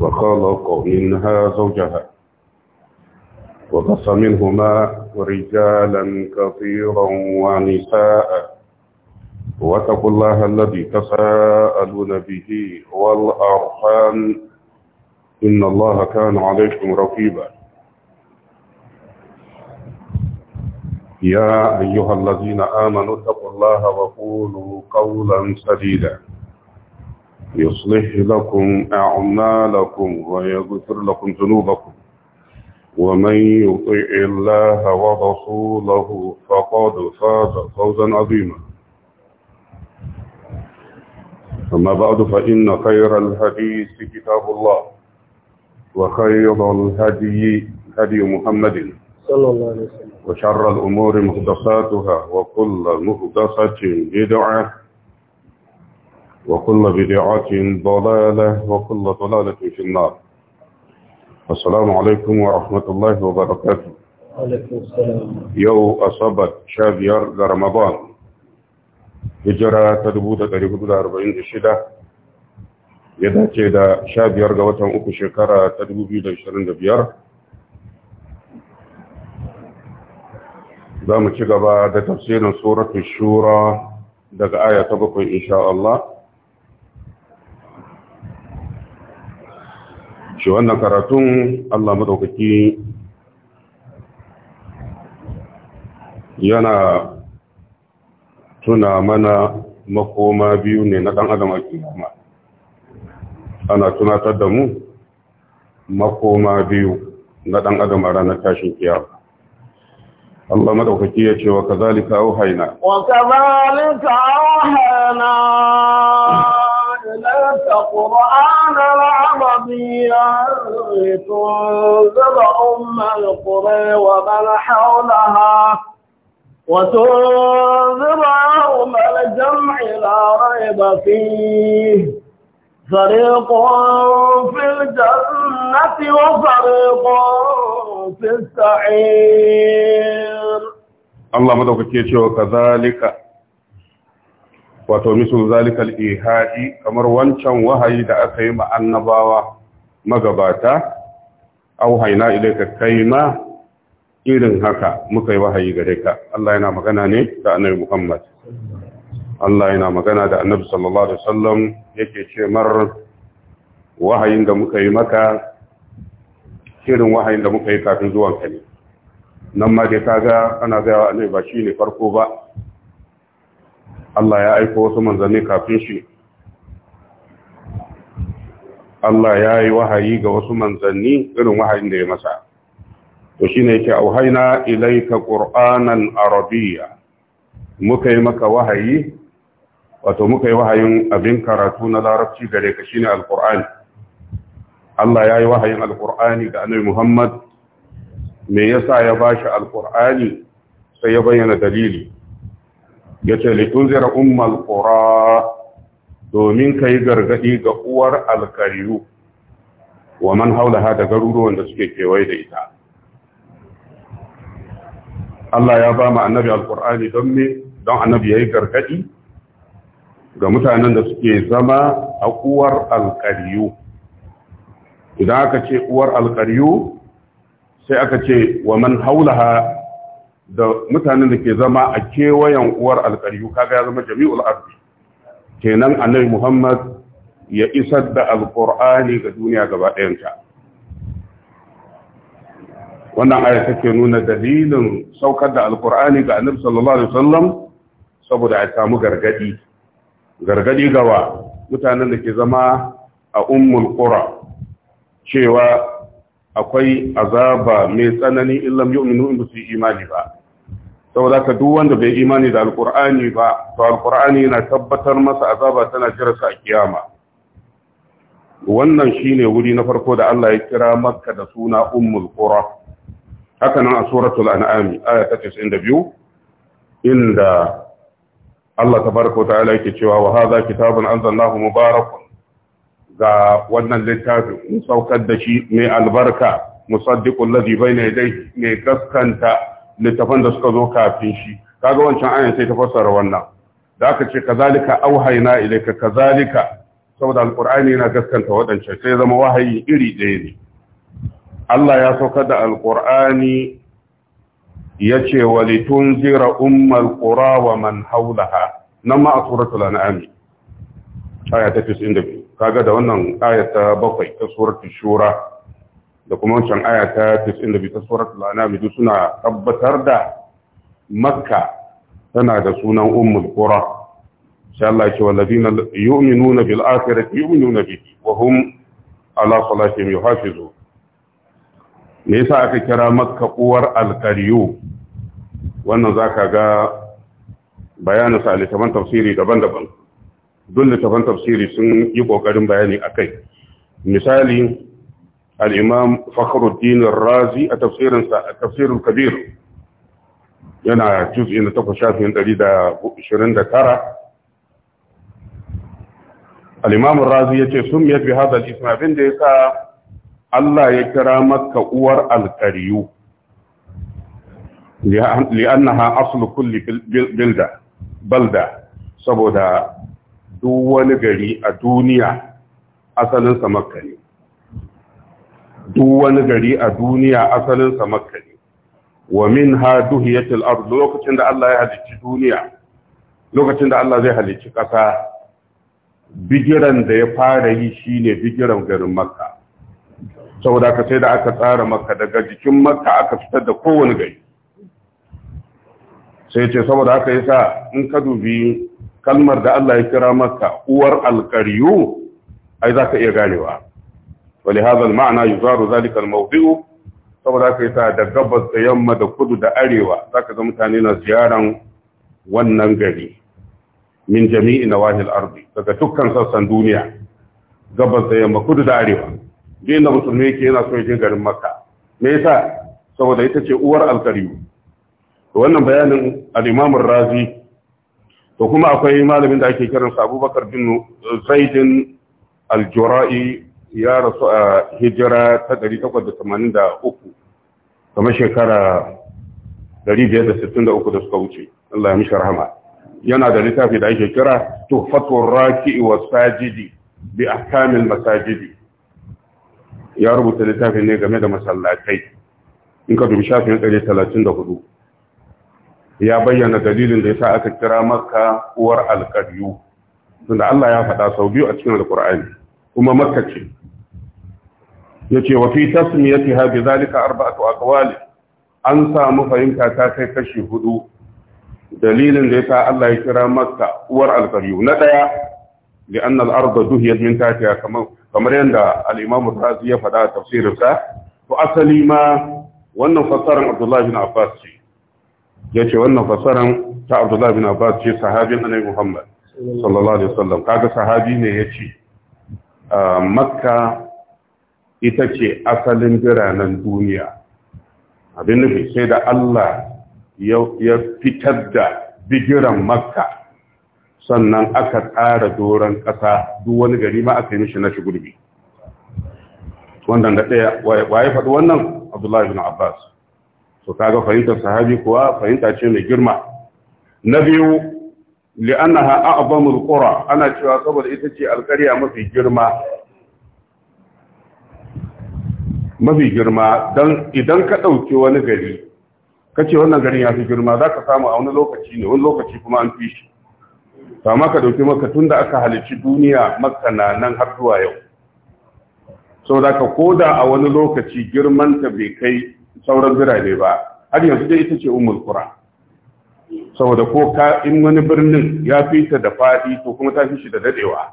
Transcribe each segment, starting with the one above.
وخلق منها زوجها وبص منهما رجالا كثيرا ونساء واتقوا الله الذي تساءلون به والأرحام إن الله كان عليكم رقيبا يا أيها الذين آمنوا اتقوا الله وقولوا قولا سديدا يصلح لكم أعمالكم ويغفر لكم ذنوبكم ومن يطع الله ورسوله فقد فاز فوزا عظيما أما بعد فإن خير الحديث كتاب الله وخير الهدي هدي محمد صلى الله عليه وسلم وشر الأمور مهدساتها وكل مهدسة بدعة وكل بدعة ضلالة وكل ضلالة في النار السلام عليكم ورحمة الله وبركاته عليكم السلام يو أصابت شابير رمضان هجرة تدبوت تريبوت الأربعين الشدة يداتي دا شابير قوتهم أكو شكرة تدبوت بيدا شرين دبير za mu ci gaba da tafsirin suratul shura daga aya ta bakwai insha Allah shi wannan karatun Allah madaukaki yana tuna mana makoma biyu ne na ɗan adam a kiyama ana tunatar da mu makoma biyu na ɗan adam a ranar tashin kiyama Allah madaukaki ya ce wa kazalika auhayna wa kazalika auhayna ilaka qur'ana بضيعا لتنذر أم القرى ومن حولها وتنذر يوم الجمع لا ريب فيه فريق في الجنة وفريق في السعير الله مدوك كيتشو كذلك wato misul zalikal ihai kamar wancan wahayi da aka yi ma annabawa magabata ka kai ma irin haka muka yi wahayi gare ka Allah yana magana ne da annabi Muhammad Allah yana magana da annabi sallallahu alaihi wasallam yake ce mar wahayin da muka yi maka irin wahayin da muka yi kafin zuwan ka ne nan ma dai kaga ana ga annabi ba shine farko ba Allah ya aiko wasu manzanni kafin shi Allah ya yi wahayi ga wasu manzanni irin wahayin da ya masa to shine yake auhaina ilayka qur'anan arabiyya muka yi maka wahayi wato muka yi wahayin abin karatu na larabci gare ka shine alqur'ani Allah ya yi wahayin alqur'ani ga annabi Muhammad me yasa ya bashi alqur'ani sai ya bayyana dalili yace li tunzira ummal qura domin kai gargadi ga uwar alkariyu wa man haulaha da garuruwan da suke kewaye da ita Allah ya ba mu annabi alqur'ani don me don annabi yayi gargadi ga mutanen da suke zama a uwar alkariyu idan aka ce uwar alkariyu sai aka ce wa man haulaha da mutanen da ke zama a kewayen uwar alƙaryu kaga ya zama jami'ul ardi kenan annabi Muhammad ya isar da alƙur'ani ga duniya gaba ɗayanta wannan aya take nuna dalilin saukar da alƙur'ani ga annabi sallallahu alaihi wasallam saboda a samu gargadi gargadi gawa mutanen da ke zama a ummul qura cewa akwai azaba mai tsanani illam yu'minu in yi imani ba saboda ka duk wanda bai imani da alkur'ani ba to alkur'ani yana tabbatar masa azaba tana jirarsa a kiyama wannan shine wuri na farko da Allah ya kira makka da suna ummul qura haka nan a suratul an'ami aya ta 92 inda Allah tabaraka ta'ala yake cewa wa hadha kitabun anzalnahu mubarakun ga wannan littafin in saukar da shi mai albarka musaddiqul ladhi bayna yadayhi mai gaskanta littafan da suka zo kafin shi kaga wancan ayan sai ta fassara wannan da aka ce kazalika auhayna ilayka kazalika saboda alqur'ani yana gaskanta wadancan sai zama wahayi iri ɗaya ne Allah ya saukar da alqur'ani yace walitunzira ummal qura wa man hawlaha nan ma a suratul an'am aya ta 92 kaga da wannan aya ta 7 ta suratul shura da kuma wancan aya ta 92 ta suratul anam duk suna tabbatar da makka tana da sunan ummul qura insha Allah ce wallazina yu'minuna bil akhirati yu'minuna bihi wa hum ala salatihim yuhafizun me yasa aka kira makka uwar alqariyu wannan zaka ga bayanin sa littafan tafsiri daban-daban duk littafan tafsiri sun yi kokarin bayani akai misali al-imam fakhruddin ar-razi a tafsirin sa tafsir al-kabir yana juz'i na 8 shafin 129 al-imam ar-razi yace sumiyat bi hadha al-ism abin da sa Allah ya kira maka uwar al-qariyu li'annaha balda saboda duk wani gari a duniya asalinsa makka ne duk wani gari a duniya asalinsa makka ne wa min ha duhiyatul ard lokacin da Allah ya halicci duniya lokacin da Allah zai halicci ƙasa bigiran da ya fara yi shine bigiran garin makka saboda ka sai da aka tsara makka daga jikin makka aka fitar da kowane gari sai ce saboda haka yasa in ka dubi kalmar da Allah ya kira makka uwar alqariyu ai zaka iya ganewa ولهذا المعنى يزار ذلك الموضوع saboda haka yasa da gabas da yamma da kudu da arewa za ka ga mutane na ziyaran wannan gari min jami'i na wahil ardi daga dukkan sassan duniya gabas da yamma kudu da arewa din da musulmi yake yana so je garin makka me yasa saboda ita ce uwar alkariyu to wannan bayanin al-imam razi to kuma akwai malamin da ake kiransa abubakar bin zaidin al-jura'i ya rasu a hijira ta 1883 kamar shekara 1563 da suka wuce Allah ya mishi rahama yana da littafi da ake kira tuhfatur raki'i wa sajidi bi ahkamil masajidi ya rubuta littafin ne game da masallatai in ka dubi shafin 134 ya bayyana dalilin da yasa aka kira makka uwar alqaryu tunda Allah ya faɗa sau biyu a cikin alqur'ani kuma makka ce yace wa fi tasmiyatiha bi zalika arba'atu aqwali an samu fahimta ta kai kashi hudu dalilin da yasa Allah ya kira Makka uwar alqariyu na daya li anna al-ardh duhiyat min tahtiha kamar kamar yanda al-Imam Razi ya faɗa a tafsirinsa to asali ma wannan fassarar Abdullah bin Abbas ce yace wannan fassarar ta Abdullah bin Abbas ce sahabin Annabi Muhammad sallallahu alaihi wasallam kaga sahabi ne yace ah, Makka ita ce asalin biranen duniya abin nufi sai da Allah ya fitar da bigiran makka sannan aka tsara doron ƙasa duk wani gari ma aka yi mishi na shigurbi wannan da ɗaya waye faɗi wannan abdullahi bin abbas so kaga fahimtar sahabi kuwa fahimta ce mai girma na biyu li'annaha a'zamul qura ana cewa saboda ita ce alƙarya mafi girma mafi girma don idan ka ɗauki wani gari ka ce wannan garin ya fi girma za ka samu a wani lokaci ne wani lokaci kuma an fi shi sama ka ɗauki maka tun da aka halici duniya maka na nan har zuwa yau sau da ka koda a wani lokaci girmanta bai kai sauran birane ba har yanzu dai ita ce umar kura saboda ko ka in wani birnin ya fi ta da faɗi to kuma ta fi shi da daɗewa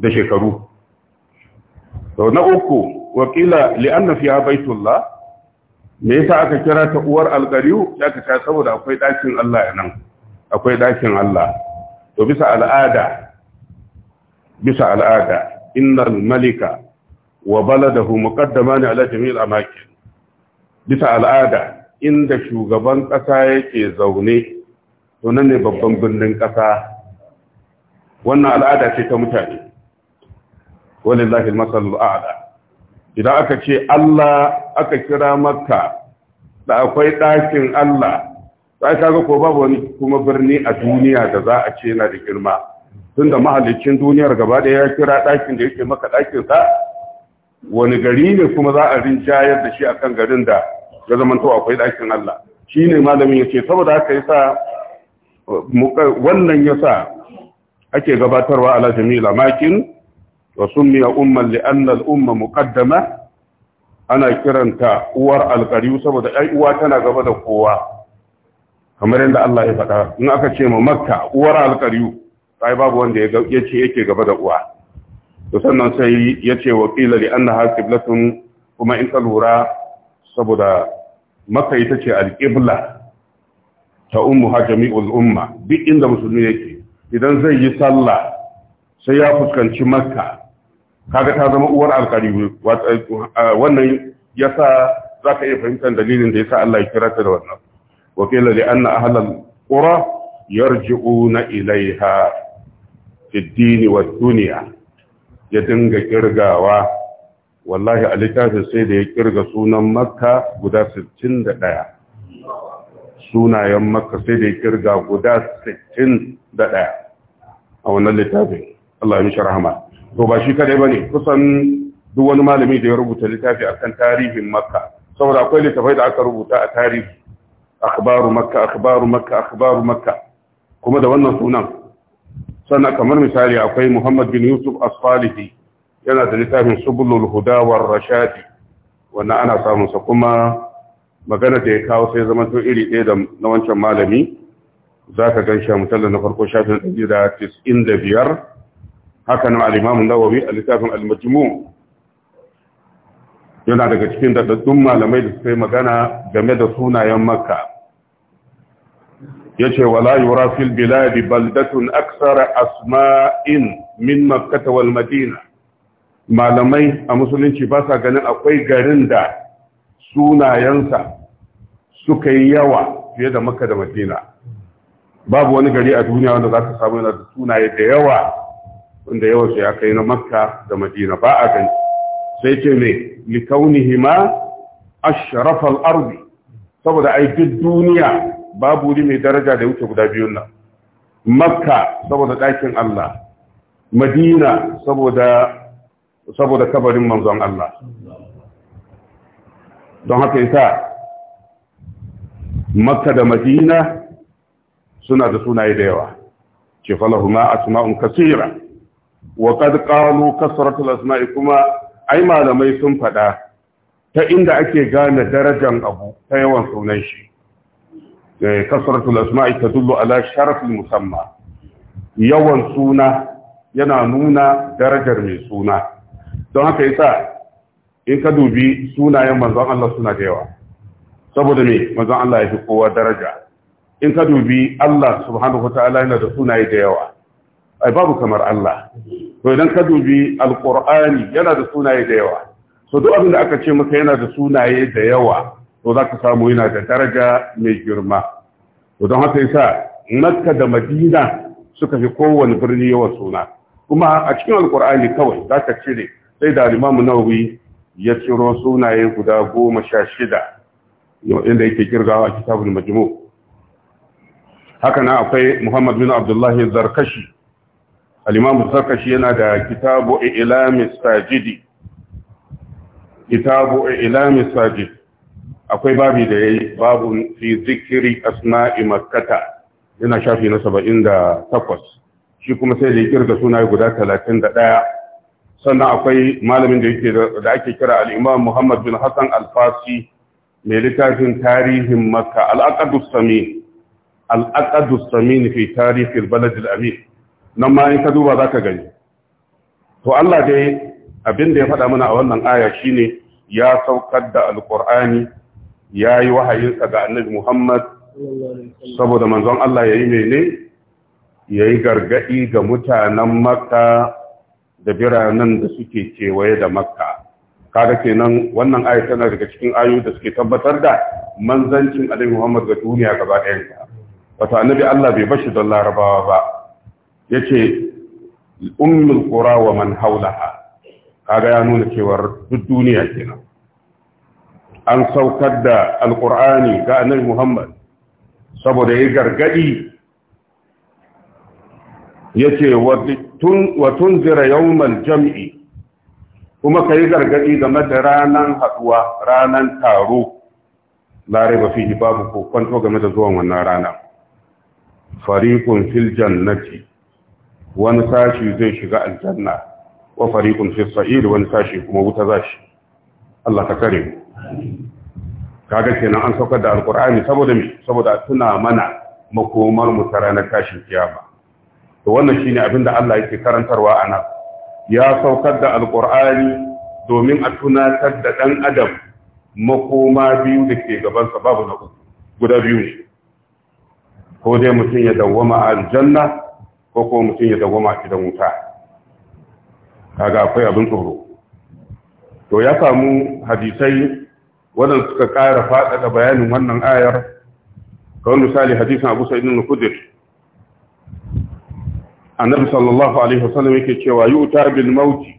da shekaru sau na uku Waƙila qila li anna baitullah me yasa aka kira ta uwar alqariu ya ka ta saboda akwai ɗakin Allah nan akwai ɗakin Allah to bisa al'ada bisa al'ada innal malika wa baladahu muqaddaman ala jami'il amakin bisa al'ada inda shugaban ƙasa yake zaune to nan ne babban birnin ƙasa? wannan al'ada ce ta mutane walillahi al-masalul a'la idan aka ce Allah aka kira makka da akwai ɗakin Allah za ka ga ko babu wani kuma birni a duniya da za a ce yana da girma tun da mahallicin duniyar gaba da ya kira ɗakin da yake maka ɗakin sa wani gari ne kuma za a rinjayar da shi a kan garin da ya zamanto akwai ɗakin Allah shi ne malamin ya ce saboda aka yi sa wannan ya sa ake gabatarwa ala Jamila makin wa summiya umman li'anna umma muqaddama ana kiranta uwar alƙariyu saboda ai uwa tana gaba da kowa kamar yadda Allah ya faɗa in aka ce ma makka uwar alƙariyu sai babu wanda ya ce yake gaba da uwa to sannan sai ya ce wa qila li annaha qiblatun kuma in ka lura saboda makka ita ce alƙibla ta ummu jami'ul umma duk inda musulmi yake idan zai yi sallah sai ya fuskanci makka kaga ta zama uwar alkali eh, wannan ya sa za ka iya fahimtar dalilin da ya sa Allah ya kira ta da wannan wa qila li anna ahlal qura yarji'una ilaiha fi ad-din wa dunya ya dinga kirgawa wallahi a littafin sai da ya kirga sunan makka guda 61 sunayen makka sai da ya kirga guda 61 a wannan littafin Allah ya mishi rahama to ba shi kadai bane kusan duk wani malami da ya rubuta littafi akan tarihin makka saboda akwai littafai da aka rubuta a tarihi akhbaru makka akhbaru makka akhbaru makka kuma da wannan sunan sannan kamar misali akwai muhammad bin yusuf asfalihi yana da littafin subulul huda war rashadi wannan ana samun sa kuma magana da ya kawo sai zama to iri ɗaya da na wancan malami zaka gan shi a mutallan na farko shafin 195 haka nan al-Imam a littafin al yana daga cikin daɗaɗɗun malamai da suka yi magana game da sunayen Makka yace wa layu rafil biladi baldatun aksara asma'in min makkata wal Madina malamai a musulunci ba sa ganin akwai garin da sunayensa suka yi yawa fiye da Makka da Madina babu wani gari a duniya wanda za ka samu yana da sunaye da yawa wanda yawan su ya kai na makka da madina ba a gani sai ce ne likaunihi ma ashrafal ardi saboda ai duk duniya babu wuri mai daraja da wuce guda biyun nan makka saboda ɗakin Allah madina saboda saboda kabarin manzon Allah don haka yasa makka da madina suna da sunaye da yawa ce falahuma asma'un kasira wa qad qalu kasratul asma'i kuma ai malamai sun faɗa ta inda ake gane darajar abu ta yawan sunan shi eh, kasratul asma'i tadullu ala sharafil musamma yawan suna yana nuna darajar mai suna don haka yasa in ka dubi sunayen manzon Allah suna da yawa saboda me manzon Allah ya fi kowa daraja in ka dubi Allah subhanahu wataala yana da sunaye da yawa ai babu kamar Allah to idan ka dubi alqur'ani yana da sunaye da yawa so duk abin da aka ce maka yana da sunaye da yawa to zaka samu yana da daraja mai girma to don haka yasa Makka da Madina suka fi kowane birni yawan suna kuma a cikin alqur'ani kawai zaka cire sai da Imam Nawawi ya ciro sunaye guda goma sha shida inda yake kirgawa a kitabul majmu haka na akwai Muhammad bin Abdullah Zarkashi al-imam shi yana da kitabu ilami sajidi kitabu ilami sajid akwai babi da yayi babu fi asma'i makata yana shafi na takwas. shi kuma sai da kirga suna guda 31 sannan akwai malamin da da ake kira al-imam Muhammad bin Hassan alfasi mai littafin tarihin Makka al-Aqdus Samin fi tarihin al nan ma in ka duba za ka gani to Allah dai abin da ya faɗa mana a wannan aya shine ya saukar da alƙur'ani ya yi wahayinsa ga annabi Muhammad saboda manzon Allah ya yi mene ya yi gargaɗi ga mutanen makka da biranen da suke kewaye da makka kaga kenan wannan aya tana daga cikin ayoyi da suke tabbatar da manzancin annabi Muhammad ga duniya gaba ɗayanta wato annabi Allah bai bashi don larabawa ba yace ummul qura wa man haulaha kaga ya nuna cewa duk duniya kenan an saukar da alqur'ani ga annabi Muhammad saboda ya gargadi yace wa tunzira yawmal jam'i kuma kai gargadi game da ranan haduwa ranan taro lare ba fi babu ko kwanto game da zuwan wannan rana fariqun fil jannati wani sashi zai shiga aljanna wa fariqun fi sa'ir wani sashi kuma wuta zashi Allah ka kare mu kaga kenan an saukar da alqur'ani saboda me saboda tuna mana makomar mu ta ranar tashin kiyama to wannan shine abinda Allah yake karantarwa a nan ya saukar da alqur'ani domin a tunatar da dan adam makoma biyu da ke gabansa babu na uku guda biyu ne ko dai mutum ya dawwama aljanna ko ko mutum ya a gidan wuta kaga akwai abin tsoro to ya samu hadisai wadanda suka ƙara faɗaɗa bayanin wannan ayar kawai misali hadisan abu sa'idin al a annabi sallallahu alaihi wasallam yake cewa wuta bil mauti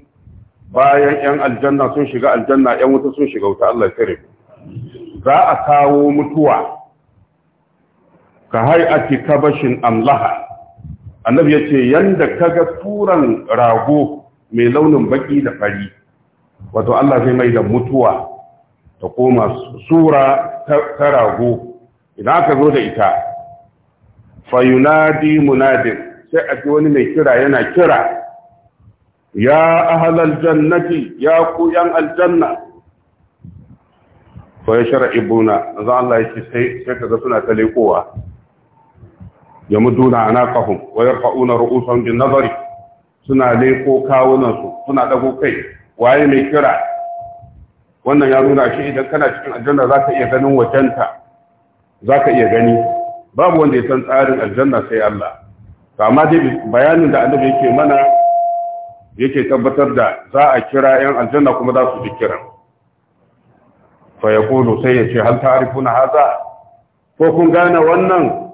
bayan yan aljanna sun shiga aljanna yan wuta sun shiga wuta Allah kare za a kawo mutuwa ka hay'ati kabashin amlaha annabi ya ce ka ga turan rago mai launin baki da fari wato Allah zai mai da mutuwa ta koma sura ta rago idan aka zo da ita fayunadi munadin sai a ji wani mai kira yana kira ya ahalal jannati ya ku aljanna fa ya shara ibuna zan Allah ya ce sai ga suna ta lekowa yamuduna anaqahum wa yarfa'una ru'usahum bin nazari suna leko kawunan su suna dago kai waye mai kira wannan ya nuna shi idan kana cikin aljanna zaka iya ganin wajenta zaka iya gani babu wanda ya san tsarin aljanna sai Allah to amma dai bayanin da Allah yake mana yake tabbatar da za a kira yan aljanna kuma za su ji kiran fa yaqulu sai ya ce hal ta'rifuna hadha ko kun gane wannan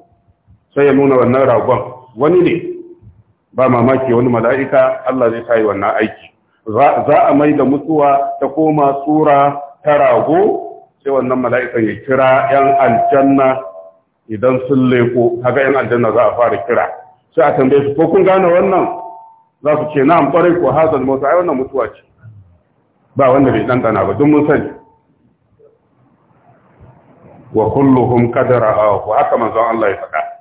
sai ya nuna wannan ragon wani ne ba mamaki wani mala'ika Allah zai sayi yi wannan aiki za a mai da mutuwa ta koma tsura ta rago sai wannan mala'ikan ya kira ‘yan aljanna idan sun leko haka ‘yan aljanna za a fara kira sai a tambaye su ko kun gane wannan za su ce na amfarai ko hazan mota ai wannan mutuwa ce ba wanda bai ɗanɗana ba duk mun sani wa kulluhum qadara wa haka manzon Allah ya faɗa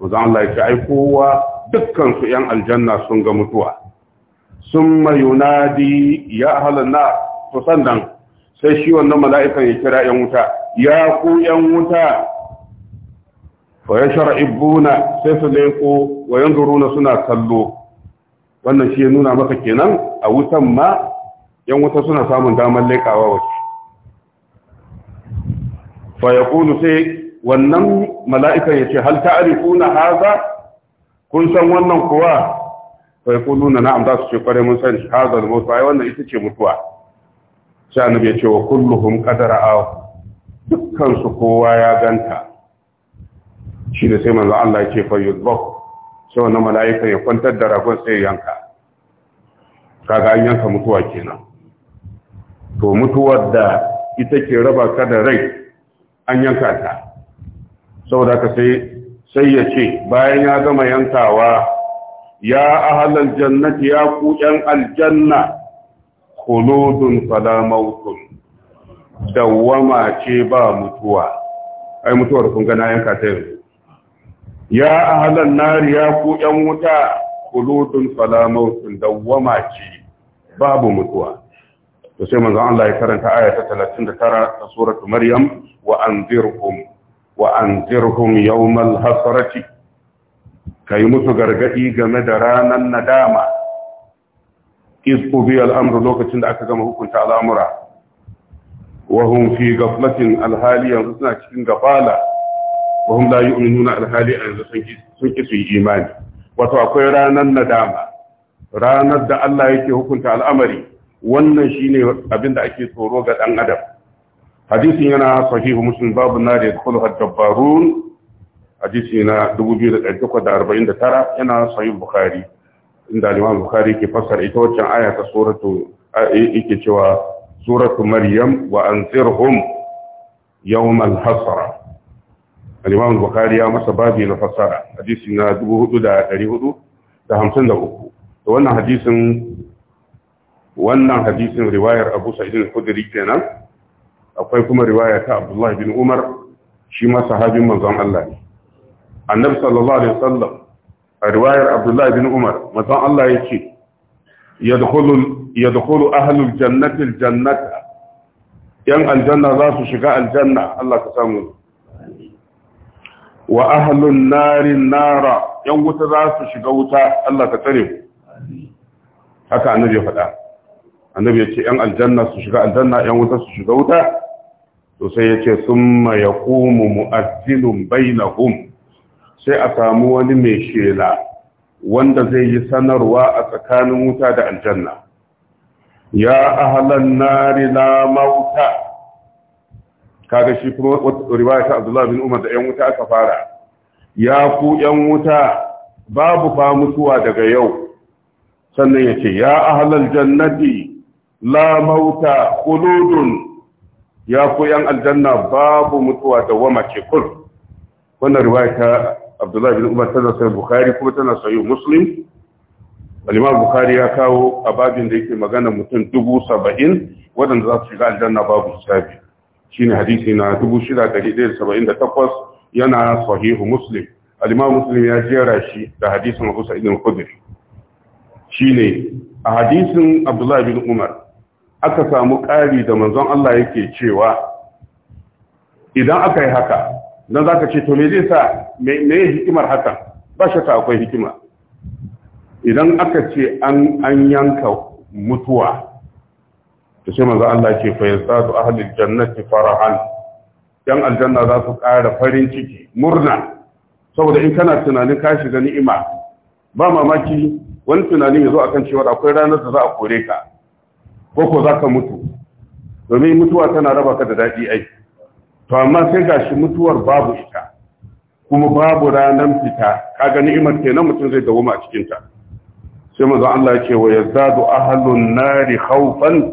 Wanzan Allah ya ce, ai kowa dukkansu ‘yan aljanna sun ga mutuwa. Sun mayunadi ya halanna to sannan sai shi wannan mala'ikan ya kira ‘yan wuta, ya ku ‘yan wuta, fa ya ibuna, sai su leko wa duruna suna kallo. Wannan shi ya nuna maka kenan a wutan ma ‘yan wuta suna samun damar leƙawa wasu. Fa ya sai wannan mala'ikan ya ce hal na haza kun san wannan kuwa fa nuna na'am za su ce kware mun san haza da mutuwa, ai wannan ita ce mutuwa sai bai ce wa kulluhun qad a dukkan Dukkansu kowa ya ganta shi da sai manzo Allah ke ce ba sai wannan mala'ikan ya kwantar da ragon sai yanka kaga an yanka mutuwa kenan to mutuwar da ita ke raba ka da rai an yanka ta saboda ka sai sai ya ce bayan ya gama yankawa ya ahalar jannati ya ku yan aljanna khuludun fala mautun dawwama ce ba mutuwa ai mutuwar kun ga na yanka ta yanzu ya ahalar nari ya ku yan wuta khuludun fala mautun dawwama ce babu mutuwa to sai manzon Allah ya karanta aya ta 39 ta suratul maryam wa anzirhum wa anzirhum yawmal hasrati kai musu gargaɗi game da ranan nadama iz qubi al lokacin da aka gama hukunta al'amura wa hum fi ghaflatin yanzu suna cikin gafala wa hum la yu'minuna al-hali yanzu sun ki su yi imani wato akwai ranar nadama ranar da Allah yake hukunta al'amari wannan shine abin da ake tsoro ga dan adam hadisin yana sahihu muslim babu na da yadkhulu ad-dabbarun hadisi na 2849 yana sahihu bukhari inda Imam Bukhari ke fassara ita waccan aya ta suratu e, yake cewa suratu Maryam wa anzirhum yawm al-hasra Imam Bukhari ya masa babi na fassara hadisi na 4453 to wannan hadisin wannan hadisin riwayar Abu Sa'id al-Khudri kenan akwai kuma riwaya ta Abdullah bin Umar shi ma sahabin manzon Allah ne annabi sallallahu alaihi wasallam a riwayar Abdullahi bin Umar manzon Allah yake yadkhulu yadkhulu ahlul jannati aljannata yan aljanna za su shiga aljanna Allah ka samu wa ahlun nari nara yan wuta za su shiga wuta Allah ka tsare mu haka annabi ya faɗa annabi ya ce yan aljanna su shiga aljanna yan wuta su shiga wuta to sai ya ce sun ya ƙumu mu'addinun bainahum sai a samu wani mai shela wanda zai yi sanarwa a tsakanin wuta da aljanna ya ahalan nari la mauta kaga shi kuma riwaya ta Abdullah bin Umar da ƴan wuta aka fara ya ku ƴan wuta babu fa mutuwa daga yau sannan yace ya ahalal jannati la mauta quludun ya ku yan aljanna babu mutuwa da wama ke kul wannan riwayata Abdullahi bin Umar tana sahih Bukhari kuma tana sahih Muslim al-Imam Bukhari ya kawo a babin da yake magana mutum dubu saba'in waɗanda za su shiga aljanna babu hisabi ne hadisi na 6178 yana sahihu Muslim al-Imam Muslim ya jera shi da hadisin Abu Sa'id Kudir. Shi ne a hadisin Abdullahi bin Umar aka samu ƙari da manzon Allah yake cewa idan aka yi haka don za ka ce to me zai sa me hikimar hakan ba ta akwai hikima idan aka ce an yanka mutuwa ta ce manzon Allah ke fa yasa su ahalin jannati farahan yan aljanna za su ƙara farin ciki murna saboda in kana tunanin ka shiga ni'ima ba mamaki wani tunanin ya zo akan cewa akwai ranar da za a kore ka ko ko za ka mutu domin mutuwa tana raba ka da daɗi ai to amma sai gashi mutuwar babu ita kuma babu ranar fita kaga ni'imar kenan mutum zai dawoma a cikinta. ta sai manzo Allah ya ce wa yazdadu ahlun nari khawfan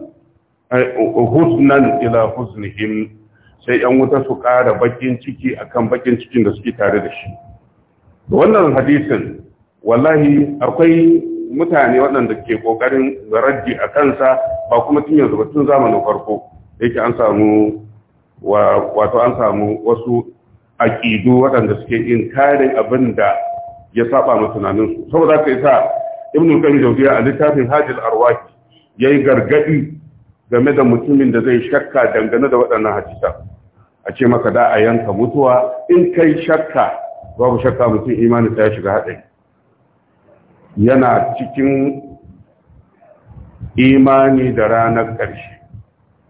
husnan ila husnihim sai yan wuta su ƙara bakin ciki akan bakin cikin da suke tare da shi wannan hadisin wallahi akwai mutane waɗanda ke ƙoƙarin raddi a kansa ba kuma tun yanzu ba tun zamanin farko yake an samu wato an samu wasu aƙidu waɗanda suke kare abin da ya saba ma tunaninsu saboda ka isa ibn qayyim jawziya a littafin hajjil arwaki yi gargaɗi game da mutumin da zai shakka dangane da waɗannan hadisa a ce maka da a yanka mutuwa in kai shakka babu shakka mutum imanin ya shiga haɗari yana cikin imani da ranar ƙarshe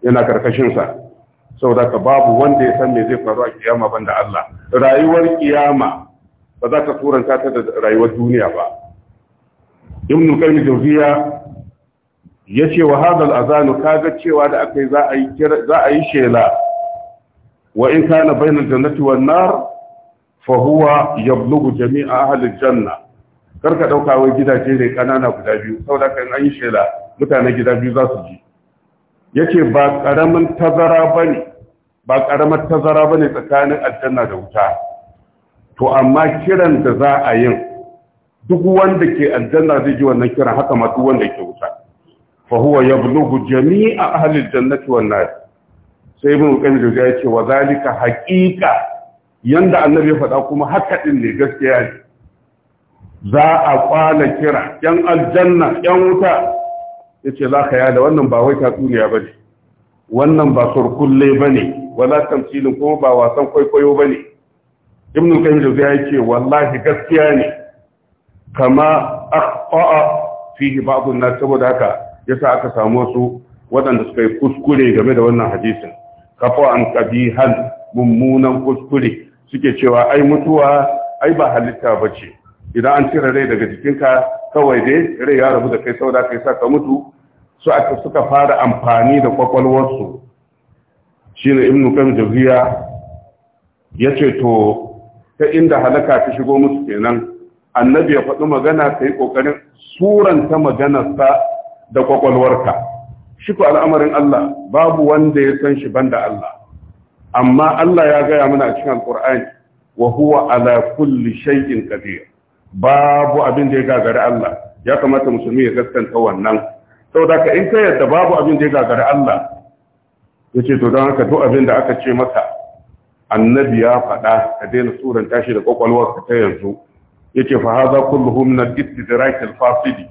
yana karkashinsa saboda ka babu wanda ya san me zai faru a kiyama banda Allah rayuwar kiyama ba za ta turanta ta da rayuwar duniya ba ibn qayyim jawziya yace wa hada al-azanu kaga cewa da aka yi za a yi shela wa in kana bainal jannati wan nar fa huwa yablughu jami'a ahli janna karka ɗauka wai gidaje ne kanana guda biyu saboda kan an yi shela mutane gida biyu za su ji yace ba ƙaramin tazara bane ba ƙaramar tazara bane tsakanin aljanna da wuta to amma kiran da za a yin duk wanda ke aljanna zai ji wannan kiran haka ma duk wanda ke wuta fa huwa yablughu jami'a ahli aljannati wan nar sai ibn qayyim da ya ce wa zalika haqiqa yanda annabi ya faɗa kuma haka din ne gaskiya ne za a kwala kira yan aljanna yan wuta yace za ka da wannan ba wai tatsuniya bane wannan ba surkulle bane wala tamsilin kuma ba wasan kwaikwayo bane ibn al-qayyim da wallahi gaskiya ne kama akhta'a fihi ba'd nas saboda haka yasa aka samu wasu waɗanda suka yi kuskure game da wannan hadisin kafa an kabihan mummunan kuskure suke cewa ai mutuwa ai ba halitta bace idan an cire rai daga jikinka kawai dai rai ya rabu da kai Sa'u da kai sa ka mutu su aka suka fara amfani da kwakwalwarsu ne ibn qayyim ya ce to ta inda halaka ta shigo musu kenan annabi ya faɗi magana yi ƙoƙarin suranta maganarsa da kwakwalwarka shi ko al'amarin Allah babu wanda ya san shi banda Allah amma Allah ya gaya mana a cikin Alƙur'ani, wa huwa ala kulli shay'in qadir babu abin da ya gagari Allah ya kamata musulmi ya gaskanta wannan saboda ka in ka yadda babu abin da ya gagari Allah yace to dan haka duk abin da aka ce maka annabi ya faɗa ka daina tsuran tashi da ka ta yanzu yace fa hadha kulluhu min al-istidrak al-fasidi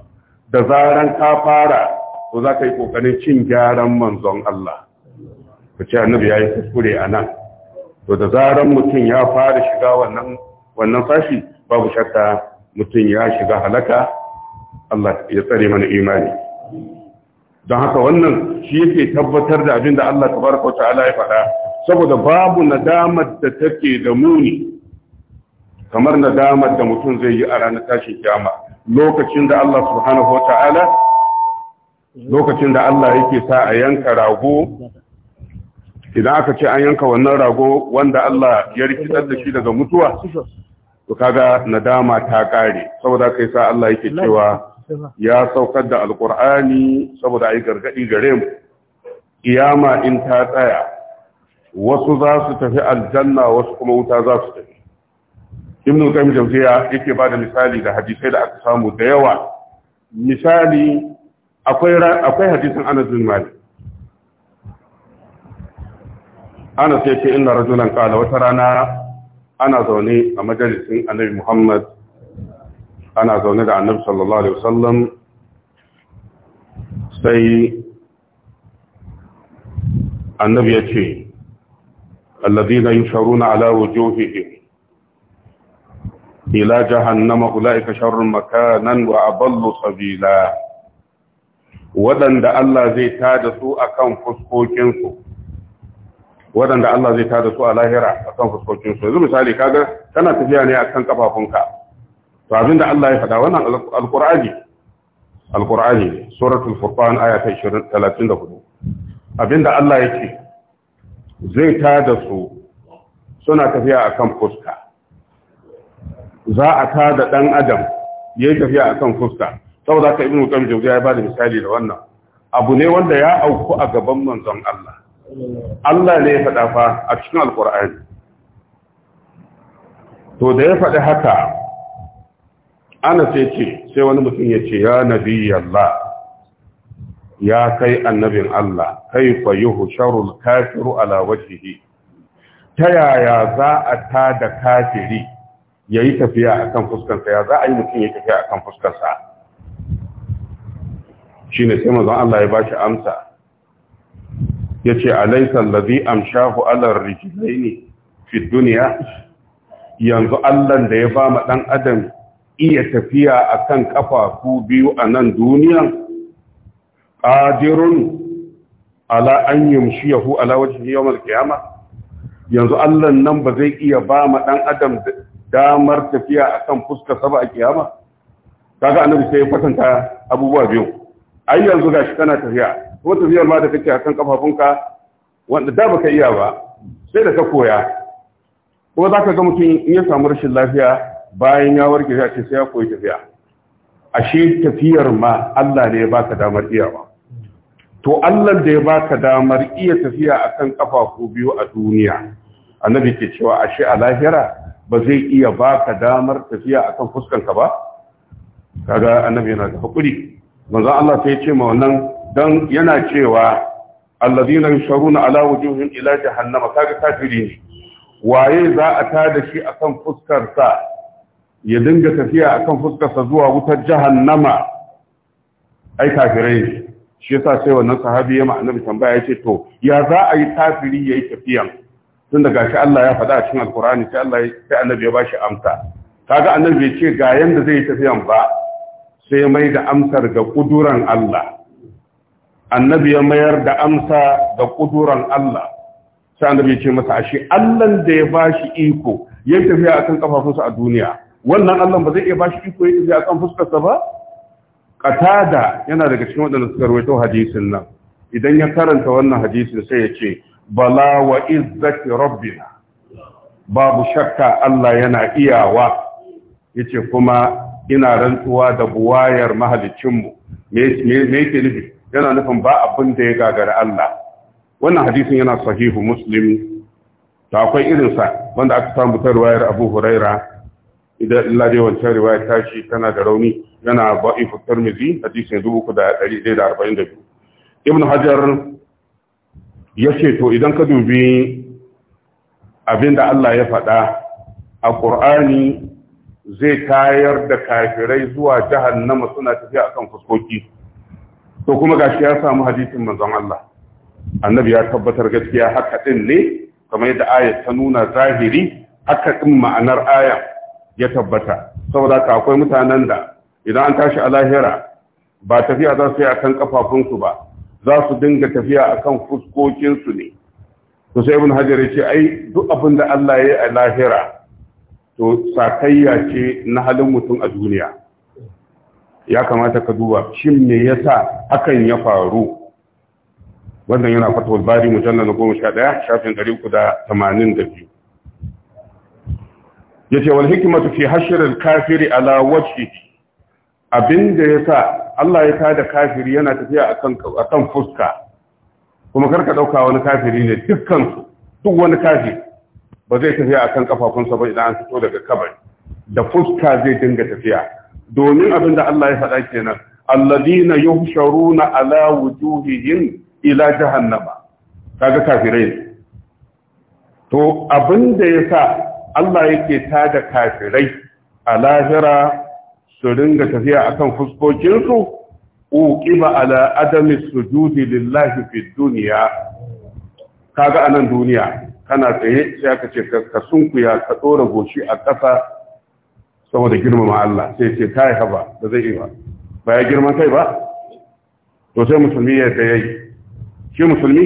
da zaran ka fara to zaka yi kokarin cin gyaran manzon Allah ku ce annabi yayi kuskure anan to da zaran mutum ya fara shiga wannan wannan sashi babu shakka mutum ya shiga halaka Allah ya tsare mana imani don haka wannan shi yake tabbatar da abin da Allah tabaraka ta'ala ya faɗa saboda babu nadamar da take da muni kamar nadamar da mutum zai yi a ranar tashin kiyama lokacin da Allah subhanahu wa ta'ala lokacin da Allah yake sa a yanka rago idan aka ce an yanka wannan rago wanda Allah ya rikitar da shi daga mutuwa to kaga nadama ta kare saboda kai sa Allah yake cewa ya saukar da alqur'ani saboda ai gargadi gare mu kiyama in ta tsaya wasu za su tafi aljanna wasu kuma wuta za su tafi ibn qayyim jawziya yake ba da misali da hadisai da aka samu da yawa misali akwai akwai hadisin Anas bin Malik Anas yake inna rajulan qala wata rana ana zaune a majalisin annabi Muhammad ana zaune da annabi sallallahu alaihi wasallam sai annabi ya ce alladhina yusharuna ala wujuhihim ila jahannama ulaika sharrun makanan wa adallu sabila wadanda Allah zai tada su akan fuskokin su waɗanda Allah zai tada su a lahira a kan fuskokin su yanzu misali kaga kana tafiya ne akan kafafunka to abinda Allah ya faɗa wannan alqur'ani alqur'ani ne suratul furqan aya ta 34 abinda Allah yake zai tada su suna tafiya akan fuska za a tada dan adam yayi tafiya akan fuska saboda ka ibnu qayyim jawziya ya ba da misali da wannan abu ne wanda ya auku a gaban manzon Allah Allah ne ya faɗa fa a cikin alkur'ani to da ya faɗi haka ana sai ce sai wani mutum ya ce ya nabi Allah ya kai annabin Allah kai fa sharul kafiru ala wajhihi ta yaya za a ta da kafiri yayi tafiya akan fuskarsa ya za a yi mutum ya tafiya akan fuskarsa shine sai manzon Allah ya bashi amsa yace alaysa allazi amshahu ala rijlaini fi dunya yanzu allan da ya ba ma dan adam iya tafiya akan kafafu biyu a nan duniya qadirun ala an yamshiyahu ala wajen yawm al yanzu allan nan ba zai iya ba ma dan adam damar tafiya akan fuska saba a kiyama kaga annabi sai ya kwatanta abubuwa biyu ai yanzu gashi kana tafiya ko tafiyar ma da kake kan kafafunka wanda da baka iya ba sai da ka koya kuma za ka ga mutum in ya samu rashin lafiya bayan ya warke ya ce sai ya koyi tafiya ashe tafiyar ma Allah ne ya baka damar ba? to Allah da ya baka damar iya tafiya a kan kafafu biyu a duniya annabi ke cewa ashe a lahira ba zai iya baka damar tafiya a kan fuskanka ba kaga annabi yana da hakuri manzon Allah sai ya ce ma wannan don yana cewa allazina yusharuna ala wujuhim ila jahannama kaga kafiri ne waye za a tada shi akan fuskar ya dinga tafiya akan fuskar zuwa wutar jahannama ai kafirai ne shi yasa sai wannan sahabi ya annabi tambaya ce to ya za a yi kafiri yayi tafiyan tun da gashi Allah ya faɗa a cikin alkurani sai Allah sai annabi ya bashi amsa kaga annabi ya ce ga yanda zai yi tafiyan ba sai mai da amsar ga kuduran Allah annabi ya mayar da amsa da kuduran Allah sai annabi ya ce masa ashe Allah da ya bashi iko ya tafiya akan kafafunsa a duniya wannan Allah ba zai iya shi iko ya tafiya akan fuskarsa ba qatada yana daga cikin waɗanda suka rawaito hadisin nan idan ya karanta wannan hadisin sai ya ce bala wa izzati rabbina babu shakka Allah yana iyawa yace kuma ina rantsuwa da buwayar mahaliccinmu me me yake nufi yana nufin ba abin da ya gagari Allah wannan hadisin yana sahihu muslim ta akwai irinsa wanda aka samu ta riwayar abu huraira idan illa dai wancan riwayar tashi tana da rauni yana ba'ifu tarmizi hadisin biyu. ibn hajar ya ce to idan ka dubi abinda Allah ya faɗa a ƙur'ani zai tayar da kafirai zuwa jahannama suna tafiya akan fuskoki to kuma gashi ya samu hadisin manzon Allah annabi ya tabbatar gaskiya haka din ne kamar yadda ayat ta nuna zahiri haka din ma'anar aya ya tabbata saboda ka akwai mutanen da idan an tashi a lahira ba tafiya za su yi akan kafafunsu ba za su dinga tafiya akan fuskokinsu ne to sai ibn hajar ya ai duk abin da Allah ya yi a lahira to sakayya ce na halin mutum a duniya ya kamata ka duba ne me yasa hakan ya faru wannan yana fatawar bari mujallar na goma sha ɗaya shafin ɗari uku da tamanin da biyu ya ce wani hikima tafi hashirar kafiri ala wacce abin da ya sa Allah ya tada kafiri yana tafiya a kan fuska kuma karka ɗauka wani kafiri ne dukkansu duk wani kafiri ba zai tafiya a kan kafafunsa ba idan an fito daga kabari da fuska zai dinga tafiya domin abin da Allah ya faɗa kenan alladina yuhsharuna ala wujuhihim ila jahannama kaga kafirai to abin da yasa Allah yake tada kafirai a lahira su ringa tafiya akan fuskokinsu uqiba ala adami sujudi lillahi fi dunya kaga anan duniya kana tsaye sai aka ce ka sunkuya ka dora goshi a ƙasa saboda girmama Allah sai ce kai haba da zai yi ba ba ya girman kai ba to sai musulmi ya kai yayi shi musulmi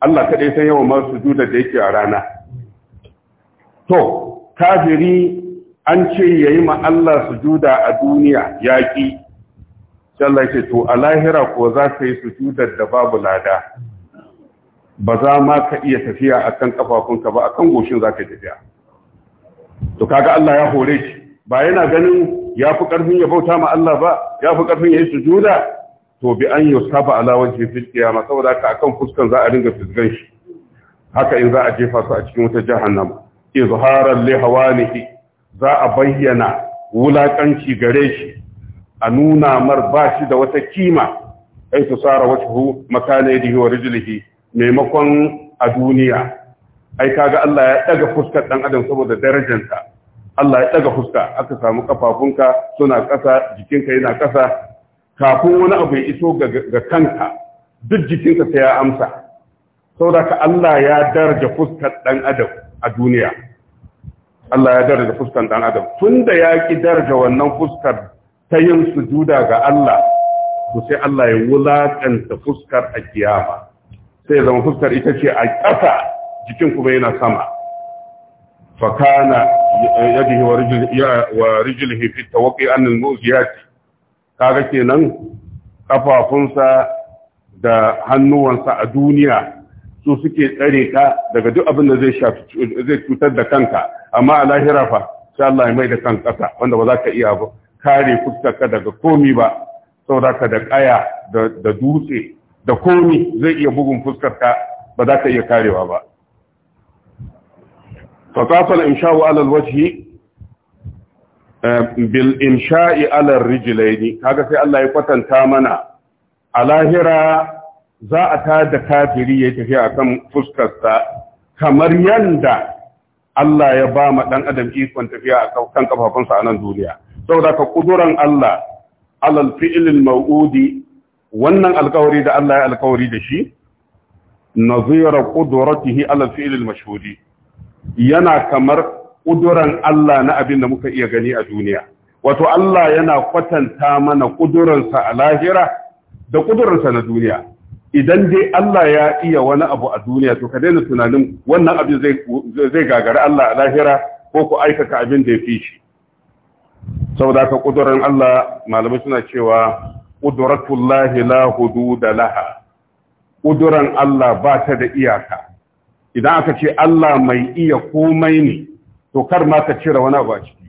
Allah kaɗai san yawan masu sujuda da yake a rana to kafiri an ce yayi ma Allah sujuda a duniya yaki sai Allah ce to a lahira ko za ka yi sujuda da babu lada ba za ma ka iya tafiya akan kafafunka ba akan goshin za ka tafiya to kaga Allah ya hore shi ba yana ganin ya fi ƙarfin ya bauta ma Allah ba ya fi ƙarfin ya yi sujuda to bi an yi saba alawar jefin kiyama saboda haka akan fuskan za a ringa fisgan shi haka in za a jefa su a cikin wata jahannama izharan li ne za a bayyana wulaƙanci gare shi a nuna mar ba shi da wata kima ai su tsara hu wajhu makanaihi wa rijlihi maimakon a duniya ai kaga Allah ya ɗaga fuskar ɗan adam saboda darajarsa Allah ya daga fuska aka samu kafafunka suna ƙasa jikinka yana ƙasa kafin wani abu ya iso ga kanka duk jikinka sai ya amsa saboda ka Allah ya daraja fuskar dan adam a duniya Allah ya daraja fuskar dan adam tunda ya ki daraja wannan fuskar ta yin sujuda ga Allah to sai Allah ya wulakanta fuskar a kiyama sai zama fuskar ita ce a ƙasa jikin kuma yana sama fakana yadihi wa wa rijlihi fi tawqi an al kaga kenan kafafunsa da hannuwansa a duniya su suke tsare ka daga duk abin da zai zai cutar da kanka amma a lahira fa sha Allah ya mai da kan kasa wanda ba za ka iya ba kare fuskarka daga komi ba saboda ka da kaya da dutse da komi zai iya bugun fuskarka ba za ka iya karewa ba فطاف الإنشاء على الوجه بالإنشاء على الرجلين هذا في الله يقتن mana, a lahira za a ta kafiri ya tafi a kan fuskarsa kamar yadda Allah ya ba ma ɗan adam ikon tafiya a kan kafafunsa a nan duniya saboda ka kuduran Allah alal fi'ilil mau'udi wannan alkawari da Allah ya alkawari da shi nazira qudratihi alal fi'ilil mashudi. yana kamar kuduran Allah na abin da muka iya gani a duniya wato Allah yana kwatanta mana kuduransa a lahira da kuduransa na duniya idan dai Allah ya iya wani abu a duniya to ka daina tunanin wannan abin zai gagara Allah a lahira ko ku aikaka abin da ya fi shi saboda ka kuduran Allah malamai suna cewa kuduratullahi la hududa laha kuduran Allah ba ta da iyaka idan aka ce Allah mai iya komai ne to kar ma ka cire wani abu a ciki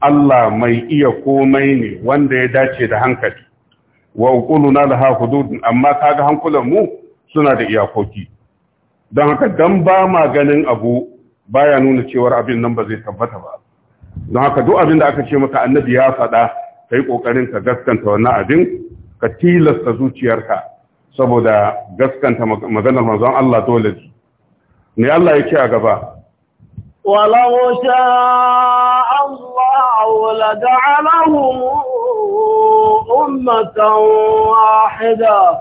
Allah mai iya komai ne wanda ya dace da hankali wa da laha hududun amma kaga hankulan mu suna da iyakoki don haka dan ba ma ganin abu baya nuna cewar abin nan ba zai tabbata ba don haka duk abin da aka ce maka annabi ya faɗa ka yi ƙoƙarin ka gaskanta wannan abin ka tilasta zuciyarka saboda gaskanta maganar manzon Allah dole ne me Allah yake a gaba walau sha Allah la ummatan wahida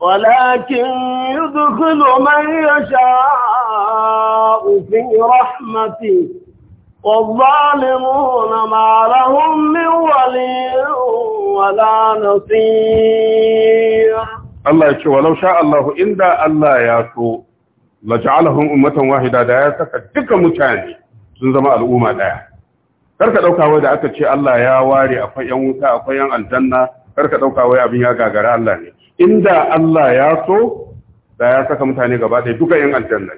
ولكن يدخل من يشاء في رحمته والظالمون ما لهم من ولي ولا نصير الله يقول ولو شاء الله إن الله يسوء la ja'alahum ummatan wahida da ya saka duka mutane sun zama al'umma daya karka dauka wai da aka ce Allah ya ware akwai yan wuta akwai yan aljanna karka dauka wai abin ya gagara Allah ne inda Allah ya so da ya saka mutane gaba ɗaya duka yan aljanna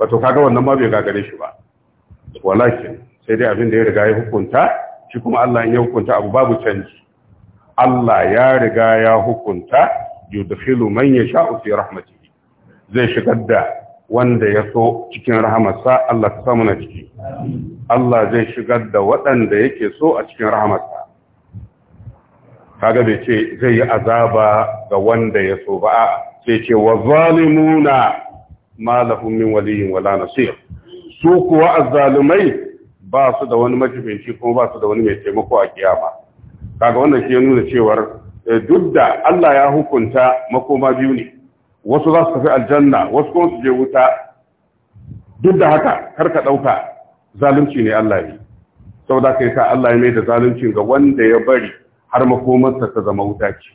wato kaga wannan ma bai gagare shi ba walakin sai dai abin da ya riga ya hukunta shi kuma Allah ya hukunta abu babu canji Allah ya riga ya hukunta yudkhilu man yasha'u fi rahmatihi zai shigar da wanda ya so cikin rahamarsa Allah ta samu na ciki Allah zai shigar da waɗanda yake so a cikin rahamarsa kaga bai ce zai yi azaba ga wanda ya so ba sai ce wa zalimuna ma lahum min waliyin wala nasir su kuwa azzalumai ba su da wani majibinci kuma ba su da wani mai taimako a kiyama kaga wannan ya nuna cewar eh, duk da Allah ya hukunta makoma biyu ne wasu za su tafi aljanna wasu kuma su je wuta duk da haka kar ka ɗauka zalunci ne Allah yi saboda kai sa Allah ya mai da zalunci, ga wanda ya bari har makomarsa ta zama wuta ce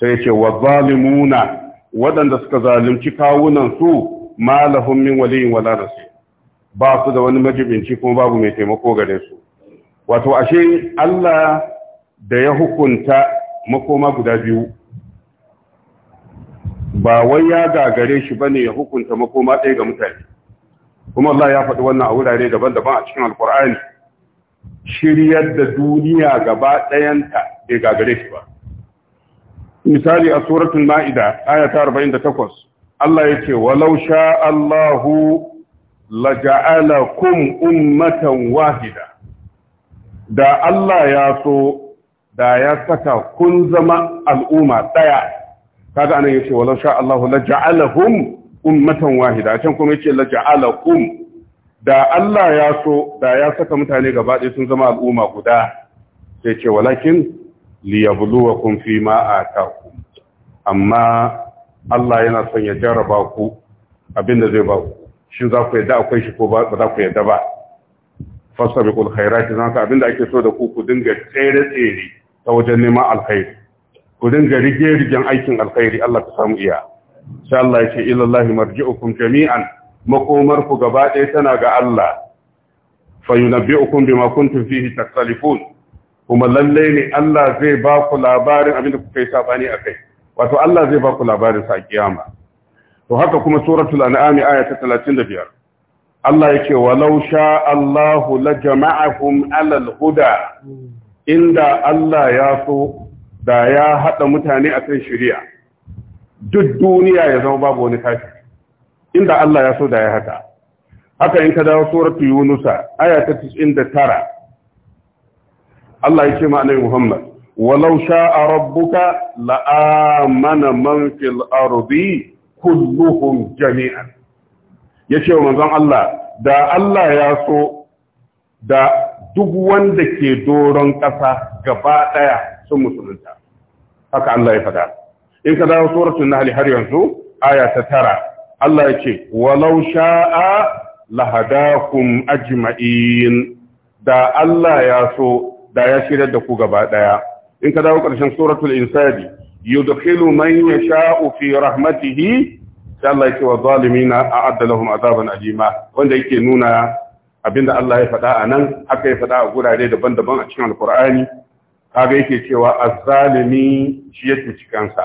sai ya ce wa zalimuna waɗanda suka zalunci kawunan su ma min waliyin wala nasi ba su da wani majibinci kuma babu mai taimako gare su wato ashe Allah da ya hukunta makoma guda biyu ba wai ya gagare shi ne ya hukunta makoma ɗaya ga mutane kuma Allah ya faɗi wannan a wurare daban-daban a cikin alkur'ani shiryar da duniya gaba ɗayanta bai gagare shi ba misali a suratul ma'ida aya ta 48 Allah ya ce walau sha Allahu laja'alakum ummatan wahida da Allah ya so da ya saka kun zama al'umma ɗaya kaga anan yace walau sha Allahu la ja'alahum ummatan wahida can kuma yace la ja'alakum da Allah ya so da ya saka mutane gaba ɗaya sun zama al'umma guda sai ce walakin liyabluwakum fi ma ataakum amma Allah yana son ya jarraba ku abinda zai ba ku shin za ku yadda akwai shi ko ba za ku yadda ba fasabiqul khairati zan ka abinda ake so da ku ku dinga tsere tsere ta wajen neman alkhairi ku dinga rige rigen aikin alkhairi Allah ta samu iya insha Allah yace ilallahi marji'ukum jami'an makomarku gaba ɗaya tana ga Allah fa yunabbi'ukum bima kuntum fihi takhtalifun kuma lalle ne Allah zai ba ku labarin abin da kuka yi sabani akai wato Allah zai ba ku labarin sa kiyama to haka kuma suratul an'am aya ta 35 Allah yake walau sha Allahu la jama'akum alal huda inda Allah ya so da ya haɗa mutane a kan shirya duk duniya ya zama babu wani kafi inda Allah ya so da ya haka haka in ka dawo suratu yunusa aya ta 99 Allah ya ce ma annabi Muhammad walau sha'a rabbuka la'amana man fil ardi kulluhum jami'an yace wa manzon Allah da Allah ya so da duk wanda ke doron ƙasa gaba ɗaya sun musulunta haka Allah ya faɗa in ka dawo suratul nahl har yanzu aya ta tara Allah ya ce walau sha'a lahadakum ajma'in da Allah ya so da ya shirar da ku gaba daya in ka dawo ƙarshen suratul insani yudkhilu man yasha'u fi rahmatihi sai Allah yake wa zalimina a'adda lahum azaban ajima. wanda yake nuna abinda Allah ya faɗa a nan haka ya faɗa a gurare daban-daban a cikin alkur'ani kaga yake cewa azzalimi shi yake cikansa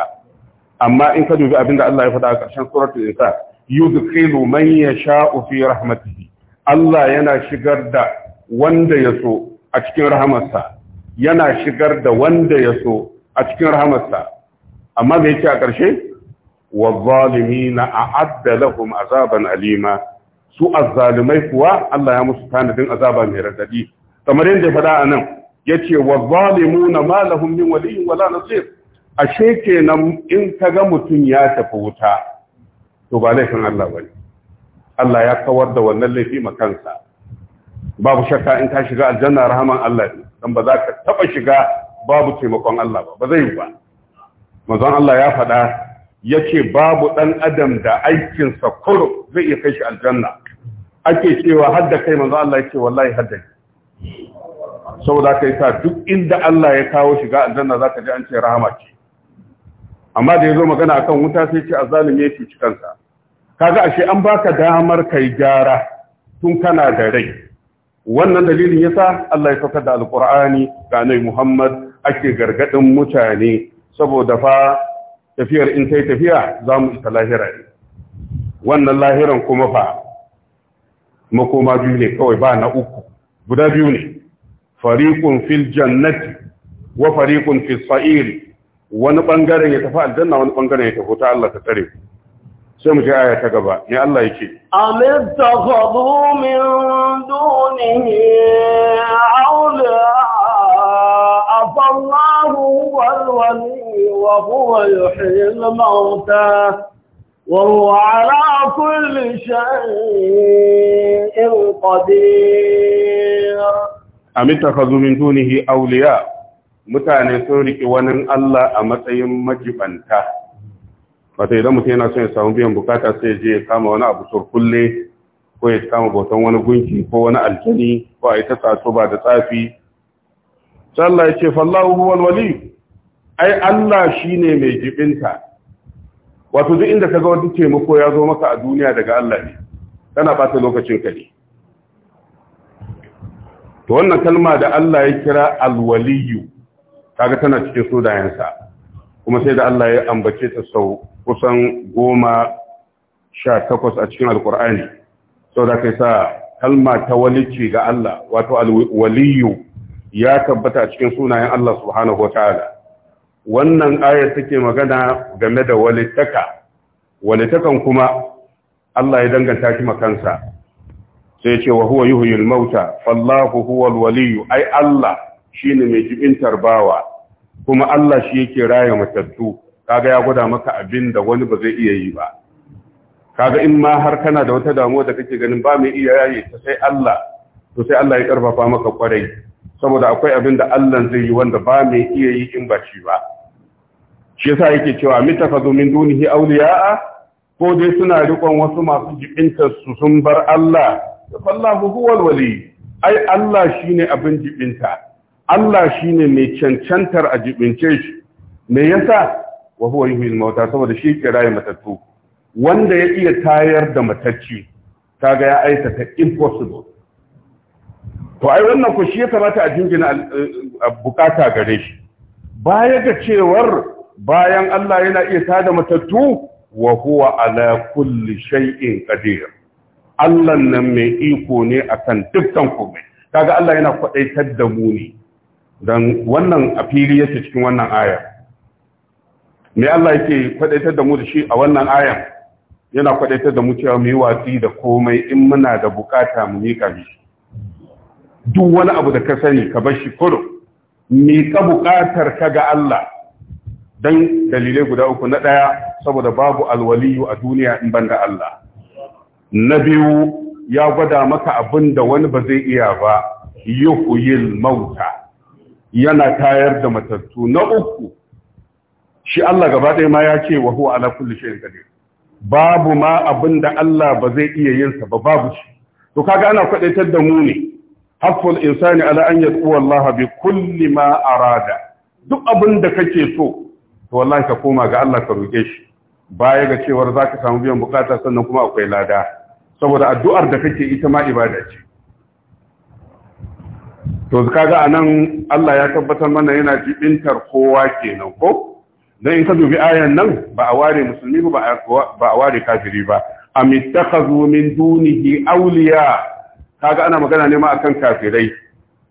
amma in ka dubi abinda Allah ya faɗa a ƙarshen suratul insa yudkhilu man yasha'u fi rahmatihi Allah yana shigar da wanda ya so a cikin rahamarsa yana shigar da wanda ya so a cikin rahamarsa amma me yake a ƙarshe wa zalimina a'adda lahum azaban alima su azzalimai kuwa Allah ya musu tanadin azaba mai radadi kamar yadda ya faɗa a nan yace wa zalimuna ma lahum min waliyyin wala nasir ashe kenan in kaga mutum ya tafi wuta to ba laifin Allah bane Allah ya kawar da wannan laifi makansa babu shakka in ka shiga aljanna rahaman Allah ne dan ba za ka taba shiga babu taimakon Allah ba ba zai ba manzon Allah ya faɗa yace babu dan adam da aikinsa kurum zai iya kai shi aljanna ake cewa hadda kai manzon Allah yace wallahi hadda saboda ka yi sa duk inda Allah ya kawo shiga aljanna za ka ji an ce rahama ce amma da ya zo magana akan wuta sai ce a ya cuci kansa kaga ashe an baka damar kai gyara tun kana da rai wannan dalilin yasa Allah ya saukar da alqur'ani ga nabi Muhammad ake gargadin mutane saboda fa tafiyar in kai tafiya za mu isa lahira ne wannan lahiran kuma fa makoma biyu ne kawai ba na uku guda biyu ne fariqun fil jannati wa fariqun fis wani bangaren ya tafi aljanna wani bangaren ya tafi ta Allah ta tsare sai mu ji aya ta gaba ne Allah yake amir takhadu min dunihi awla afallahu wal wali wa huwa yuhyi mauta wa huwa ala kulli shay'in qadir amittakhadhu min dunihi Auliya, mutane sun riki wani Allah a matsayin majibanta wata idan mutum yana so ya samu biyan bukata sai ya je ya kama wani abu kulle, ko ya kama bautan wani gunki ko wani aljani ko a ta tsato ba da tsafi sai Allah ya ce fallahu huwal wali ai Allah shine mai jibinta wato duk inda kaga wani taimako ya zo maka a duniya daga Allah ne kana ta lokacin ka ne to wannan kalma da Allah ya kira alwaliyu kaga tana cikin sunayensa kuma sai da Allah ya ambace ta sau kusan goma sha takwas a cikin alkur'ani sau da kai sa kalma ta walici ga Allah wato alwaliyu ya tabbata a cikin sunayen Allah subhanahu wa ta'ala wannan ayar take magana game da walittaka walittakan kuma Allah ya danganta shi makansa sai ce wa huwa al mauta fallahu huwal waliyyu ai Allah shine mai jibintar bawa kuma Allah shi yake raya matattu kaga ya gwada maka abin da wani ba zai iya yi ba kaga in ma har kana da wata damuwa da kake ganin ba mai iya yayi ta sai Allah to sai Allah ya karfafa maka kwarai saboda akwai abin da Allah zai yi wanda ba mai iya yi in ba shi ba shi yasa yake cewa mitafadu min dunihi awliya ko dai suna rikon wasu masu jibintar su sun bar Allah fallahu huwal wali ai Allah shine abin jibinta Allah shine mai cancantar a jibince shi me yasa wa huwa yuhyil mauta saboda shi ke raye matattu wanda ya iya tayar da matacci kaga ya aikata impossible to ai wannan ko shi ya kamata a jingina eh, bukata gare shi baya ga cewar bayan Allah yana iya tada matattu wa huwa ala kulli shay'in qadir Allah nan mai iko ne akan dukkan kome, kaga Allah yana kwadaitar da mu ne Don wannan a fili yake cikin wannan aya me Allah yake kwadaitar da mu da shi a wannan ayan yana kwadaitar da mu cewa mu yi watsi da komai in muna da bukata mu yi kabi duk wani abu da ka sani ka bar shi kudu miƙa buƙatar ka ga Allah don dalilai guda uku na ɗaya saboda babu alwaliyu a duniya in ban da Allah na biyu ya gwada maka abin da wani ba zai iya ba yuhyil mauta yana tayar da matattu na uku shi Allah gaba ɗaya ma ya ce wa huwa ala kulli shay'in qadir babu ma abin da Allah ba zai iya yin sa ba babu shi to kaga ana kwadaitar da mu ne haqqul insani ala an yaqwa Allah bi kulli ma arada duk abin da kake so to wallahi ka koma ga Allah ka roke shi baya ga cewar zaka samu biyan bukata sannan kuma akwai lada saboda addu'ar da kake ita ma ibada ce to kaga anan Allah ya tabbatar mana yana jibintar kowa kenan ko dan in ka dubi ayan nan ba a ware musulmi ba ba a ware kafiri ba am ittakhadhu min dunihi awliya kaga ana magana ne ma akan kafirai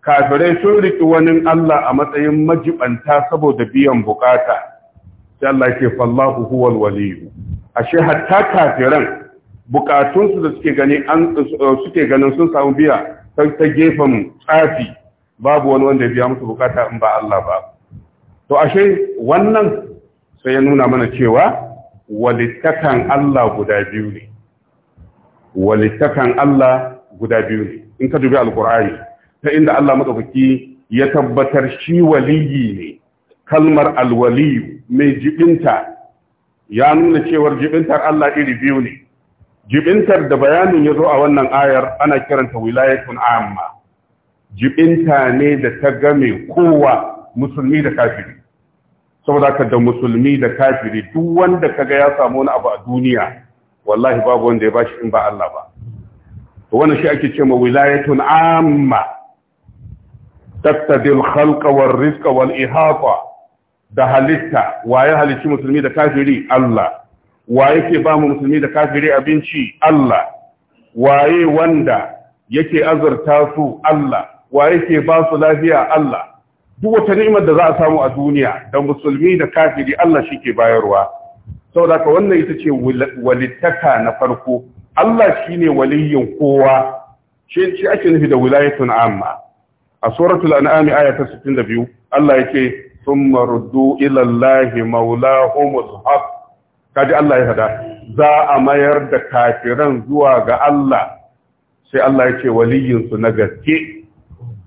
kafirai sun riki wani Allah a matsayin majibanta saboda biyan bukata sai Allah fallahu huwal waliyyu ashe hatta kafiran bukatunsu da suke gani an suke ganin sun samu biya ta gefen tsafi babu wani wanda ya biya musu bukata in ba Allah ba to ashe wannan sai ya nuna mana cewa walittakan Allah guda biyu ne walittakan Allah guda biyu ne in ka dubi alkur'ani ta inda Allah madaukaki ya tabbatar shi waliyi ne kalmar alwaliyu mai jibinta ya nuna cewar jibintar Allah iri biyu ne jibintar da bayanin ya zo a wannan ayar ana kiranta wilayatun amma jibinta ne da ta game kowa musulmi da kafiri saboda ka da musulmi da kafiri duk wanda kaga ya samu wani abu a duniya wallahi babu wanda ya bashi in ba Allah ba to wannan shi ake cewa wilayatun amma tattadil khalqa war rizqa wal ihata da halitta waye halici musulmi da kafiri Allah wa yake ba mu musulmi da kafiri abinci Allah waye wanda yake azurta su Allah Waye ke ba su lafiya Allah duk wata ni'imar da za a samu a duniya da musulmi da kafiri Allah shi ke bayarwa saboda ka wannan ita ce walittaka na farko Allah shine waliyyin kowa shi shi ake nufi da wilayatun amma a suratul an'am aya ta 62 Allah yake thumma ruddu ila allahi mawlahumul haqq kaji Allah ya hada za a mayar da kafiran zuwa ga Allah sai Allah ya ce waliyinsu na gaske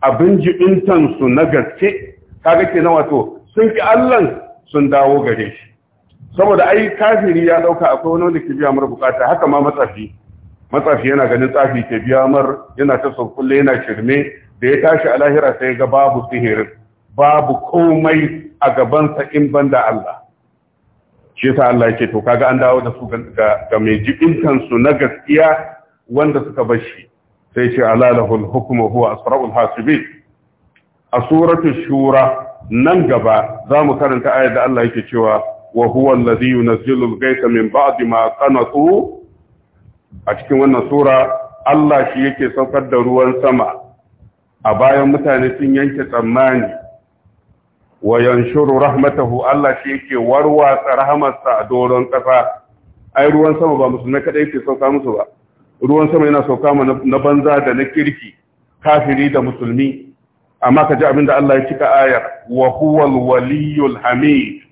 abin jibintansu na gaske kaga ke na wato sun ki Allah sun dawo gare shi saboda ai kafiri ya dauka akwai wani wanda ke biya mara bukata haka ma matsafi matsafi yana ganin tsafi ke biya mar yana ta kulle yana shirme da ya tashi a lahira sai ga babu sihirin babu komai a gabansa in banda Allah shi yasa Allah yake to kaga an dawo da su ga mai jibintan na gaskiya wanda suka bar shi sai ce ala lahul hukmu huwa asra'ul hasibin a suratu shura nan gaba zamu karanta ayar da Allah yake cewa wa huwa allazi yunzilul ghaytha min ba'di ma qanatu a cikin wannan sura Allah shi yake saukar da ruwan sama a bayan mutane sun yanke tsammani wa yanshuru rahmatahu Allah shi yake warwatsa rahmarsa a doron ƙasa ai ruwan sama ba musulmai kaɗai ke sauka musu ba ruwan sama yana sauka mu na banza da na kirki kafiri da musulmi amma ka ji da Allah ya cika ayar wa huwal waliyul hamid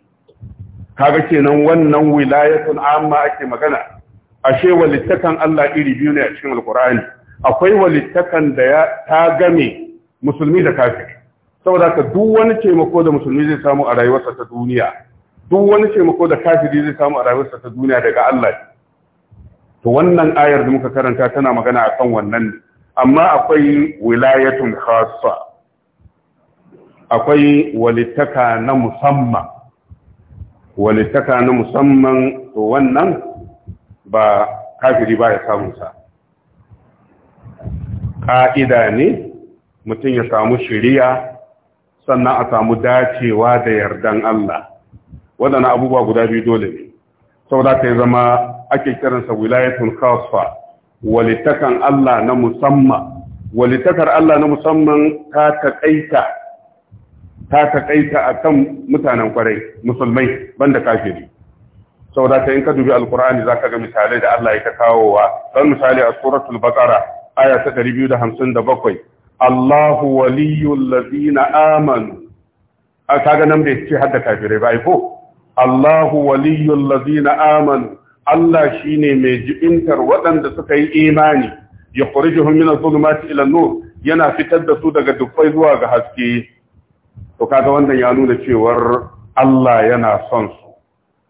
kaga kenan wannan wilayatun amma ake magana ashe walittakan Allah iri biyu ne a cikin alkur'ani akwai walittakan da ya ta game musulmi da kafiri saboda ka duk wani taimako da musulmi zai samu a rayuwarsa ta duniya duk wani taimako da kafiri zai samu a rayuwarsa ta duniya daga Allah to wannan ayar da muka karanta tana magana akan wannan amma akwai wilayatun khassa akwai walittaka na musamman walittaka na musamman to wannan ba kafiri ba ya samu sa ka'ida ne mutum ya samu shiriya sannan a samu dacewa da yardan Allah waɗannan abubuwa guda biyu dole ne saboda ta yi zama ake kiransa wilayatul khasfa walitakan Allah na musamman walitakar Allah na musamman ta taƙaita ta taƙaita akan mutanen kwarai musulmai banda kafiri saboda ta in ka dubi alkur'ani zaka ga misalai da Allah ya ta kawowa dan misali a suratul baqara aya ta 257 Allahu waliyul ladina amanu a kaga nan bai ce hadda kafirai ba ko Allahu waliyyun lazina amanu Allah shine mai jibintar waɗanda suka yi imani ya min adh-dhulumati ila an-nur yana fitar da su daga dukkai zuwa ga haske to kaga wannan ya nuna cewar Allah yana son su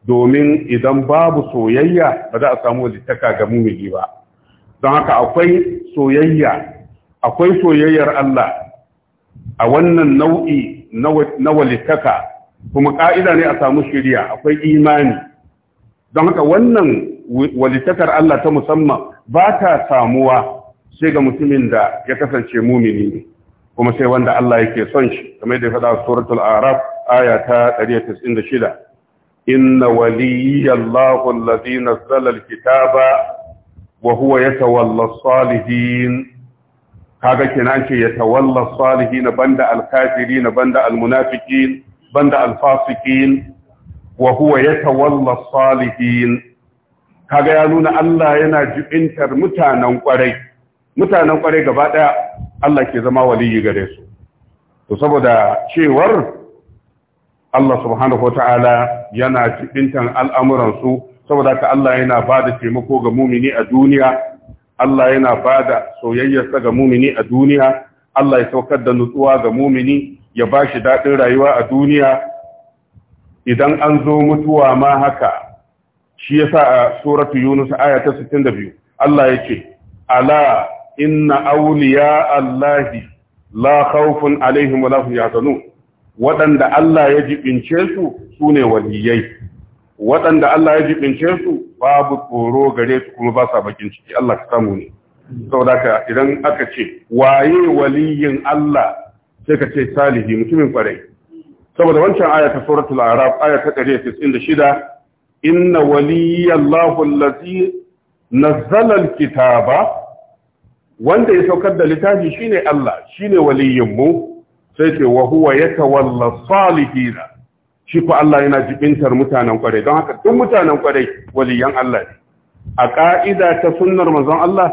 domin idan babu soyayya ba za a samu littaka ga mumiji ba don haka akwai soyayya akwai soyayyar Allah a wannan nau'i na walittaka kuma ƙa'ida ne a samu shirya akwai imani don haka wannan walittakar Allah ta musamman ba ta samuwa sai ga mutumin da ya kasance mumini ne kuma sai wanda Allah yake son shi kamar da ya faɗa suratul araf aya ta 196 inna waliyallahu allazi nazzala alkitaba wa huwa yatawalla salihin kaga kenan ce ya tawalla salihin banda alkafirin banda almunafiqin banda alfasiqin wa huwa yatawalla salihin kaga ya nuna Allah yana jibintar mutanen kwarai mutanen kwarai gaba daya Allah ke zama waliyi gare su to saboda cewar Allah subhanahu wataala yana jibintar al'amuransu, saboda ka Allah yana bada taimako ga mumini a duniya Allah yana bada soyayyarsa ga mumini a duniya Allah ya saukar da nutsuwa ga mumini ya ba shi daɗin rayuwa a duniya idan an zo mutuwa ma haka shi yasa a suratu yunus aya ta 62 Allah ya ce ala inna Auliya, allahi la khawfun alaihim wa la zanu! waɗanda Allah ya jibince su sune waliyai waɗanda Allah ya ɗinke su babu tsoro gare su kuma ba sa bakin ciki Allah ka samu ne saboda ka idan aka ce waye waliyin Allah sai ka ce salihi mutumin kwarai saboda wancan aya ta suratul araf aya ta shida, inna waliyallahu allazi nazzala alkitaba wanda ya saukar da littafi shine Allah shine waliyin mu sai ce wa huwa yatawalla salihina shi ko Allah yana jibintar mutanen kwarai don haka duk mutanen kwarai waliyan Allah ne a ka'ida ta sunnar manzon Allah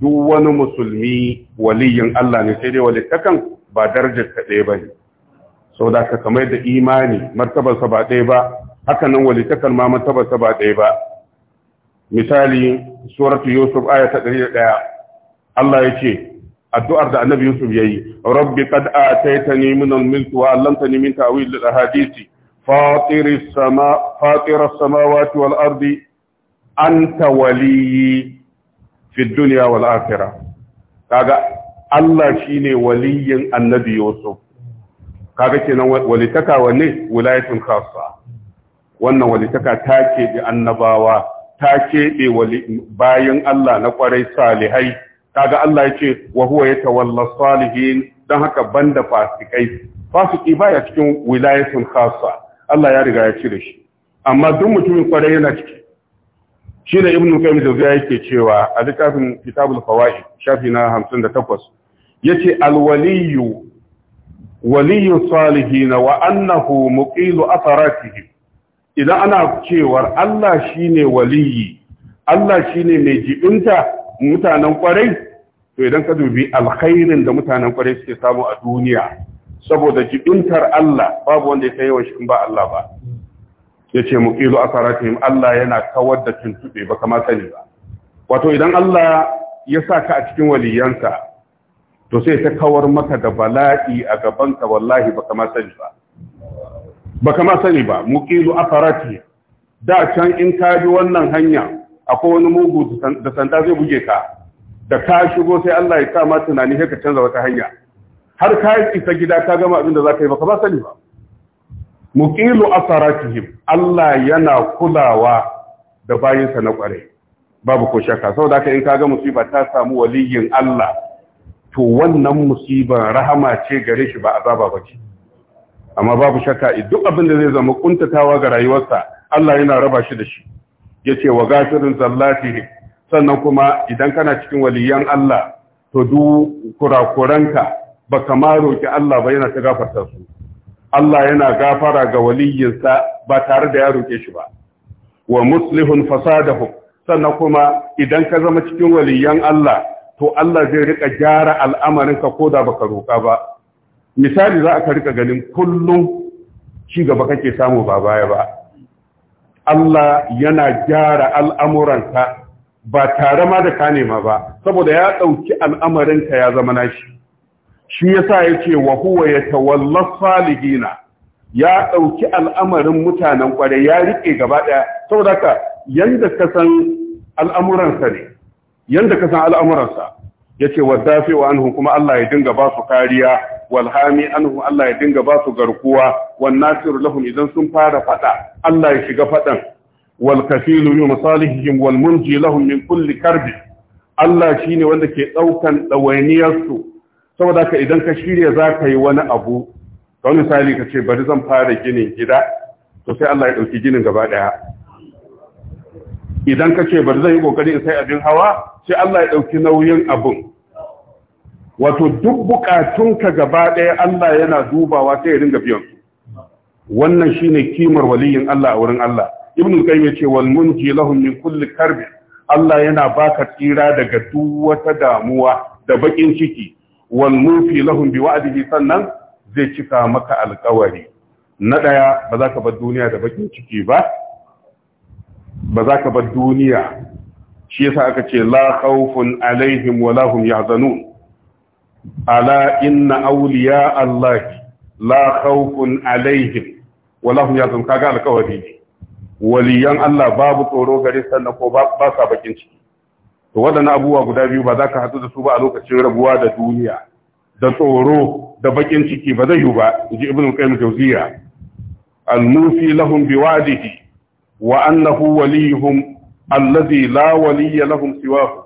duk wani musulmi waliyin Allah ne sai dai walittakan ba darajar ta ɗaya bane da ka kamar da imani martabarsa ba ɗaya ba haka nan walittakan ma ba ɗaya ba misali suratu yusuf aya ta 101 Allah yace addu'ar da annabi Yusuf ya yi, Rabbi, kad a taita ni minan milki wa allanta min ta'awil da hadisi, فاطر السماء فاطر السماوات والأرض أنت ولي في الدنيا والآخرة kaga Allah shine waliyin Annabi Yusuf kaga kenan walitaka wanne wilayatul khassa wannan walitaka ta keɓe annabawa ta keɓe bayan Allah na kwarai salihai kaga Allah yace wa huwa yatawalla salihin dan haka banda fasikai fasiki baya cikin wilayatul khassa Allah ya riga ya cire shi amma duk mutumin kwarai yana ciki shi da ibn qayyim zai yake cewa a littafin kitabul fawaid shafi na 58 yace alwaliyu waliyu salihin wa annahu muqilu atharatihim idan ana cewar Allah shine waliyi Allah shine mai jibinta mutanen kwarai to idan ka dubi alkhairin da mutanen kwarai suke samu a duniya saboda jibintar Allah babu wanda ya sayi wa shi ba Allah ba ya ce muqilu asaratihim Allah yana kawar da tuntube ba kama sani ba wato idan Allah ya sa ka a cikin waliyanka to sai ta kawar maka da bala'i a gabanka wallahi ba kama sani ba ba kama sani ba mu muqilu asaratihim da can in ka bi wannan hanya akwai wani mugu da sanda zai buge ka da ka shigo sai Allah ya kama tunani sai canza wata hanya har ka yi isa gida ka gama abin da za ka yi baka ba sani ba muqilu asaratihim Allah yana kulawa da bayinsa na kware babu ko shakka saboda ka in kaga musiba ta samu waliyin Allah to wannan musiba rahama ce gare shi ba azaba bace amma babu shakka duk abin da zai zama kuntatawa ga rayuwarsa Allah yana raba shi da shi yace wa gafirin zallatihi sannan kuma idan kana cikin waliyan Allah to duk kurakuranka ba kama roƙi Allah ba yana ta gafarta su Allah yana gafara ga waliyinsa ba tare da ya roƙe shi ba wa muslihun fasadahu sannan kuma idan ka zama cikin waliyan Allah to Allah zai rika gyara al'amarin ka da baka roƙa ba misali za ka rika ganin kullum ci gaba kake samu ba baya ba Allah yana gyara al'amuranka ba tare ma da ka nema ba saboda ya ɗauki al'amarinka ya zama nashi shi yasa yace wa huwa yatawalla salihina ya ɗauki al'amarin mutanen kwarai, ya rike gaba daya saboda haka yadda ka san al'amuransa ne yanda ka san al'amuransa yace ce wa anhu kuma Allah ya dinga ba su kariya walhami anhu Allah ya dinga ba su garkuwa wan nasiru lahum idan sun fara faɗa, Allah ya shiga faɗan. wal kafilu bi masalihihim wal munji lahum min kulli karbi Allah shine wanda ke ɗaukan ɗawainiyarsu. saboda ka idan ka shirya za ka yi wani abu wani misali ka ce bari zan fara ginin gida to sai Allah ya ɗauki ginin gaba ɗaya idan ka ce bari zan yi ƙoƙari sai abin hawa sai Allah ya ɗauki nauyin abun wato duk buƙatunka gaba ɗaya Allah yana dubawa sai ya ringa biyan wannan shine kimar waliyin Allah a wurin Allah ibn qayyim yace wal munji lahum min kulli karb Allah yana baka tsira daga duk wata damuwa da bakin ciki wal mufi lahum bi wa'dihi sannan zai cika maka alƙawari na daya ba za ka bar duniya da bakin ciki ba ba za ka bar duniya shi yasa aka ce la khawfun alaihim wa lahum yahzanun ala inna awliya Allah, la khawfun alaihim wa lahum yahzanun kaga alƙawari ne waliyan Allah babu tsoro gare sannan ko ba sa bakin ciki to waɗannan abubuwa guda biyu ba za ka haɗu da su ba a lokacin rabuwa da duniya da tsoro da bakin ciki ba zai yi ba inji ibn qayyim jawziya al-mufi lahum biwadihi wa annahu waliyuhum allazi la waliya lahum siwahu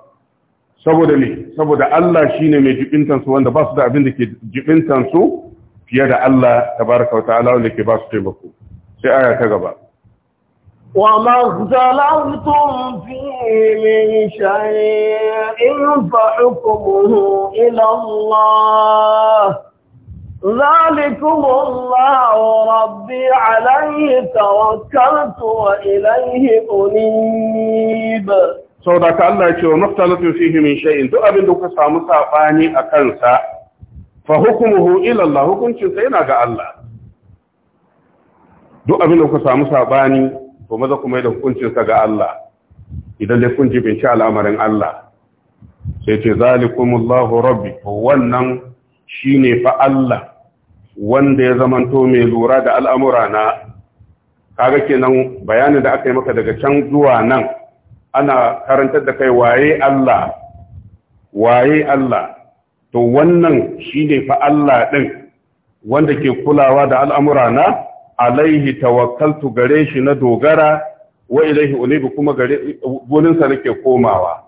saboda ne saboda Allah shine mai jibintan su wanda ba su da abin da ke jibintan su fiye da Allah tabaraka wa ta'ala wanda ke ba su taimako sai aya ta gaba وما اختلفتم فيه من شيء فحكمه إلى الله ذلكم الله ربي عليه توكلت وإليه أنيب da ka Allah ce wa mukhtalatu fihi min shay'in duk abin da kuka samu saɓani a kansa fa hukumuhu ila Allah hukuncin sa yana ga Allah duk abin da kuka samu saɓani. to maza kuma da hukuncinsa ga Allah idan dai kun sha al'amarin Allah sai ce zalikumullahu rabbi wannan shine fa Allah wanda ya zamanto mai lura da al'amura na kaga kenan bayanin da aka yi maka daga can zuwa nan ana karantar da kai waye Allah waye Allah to wannan shine fa Allah din wanda ke kulawa da al'amura na alaihi tawakkaltu gare shi na dogara wa ilaihi unibu kuma gare gurinsa nake komawa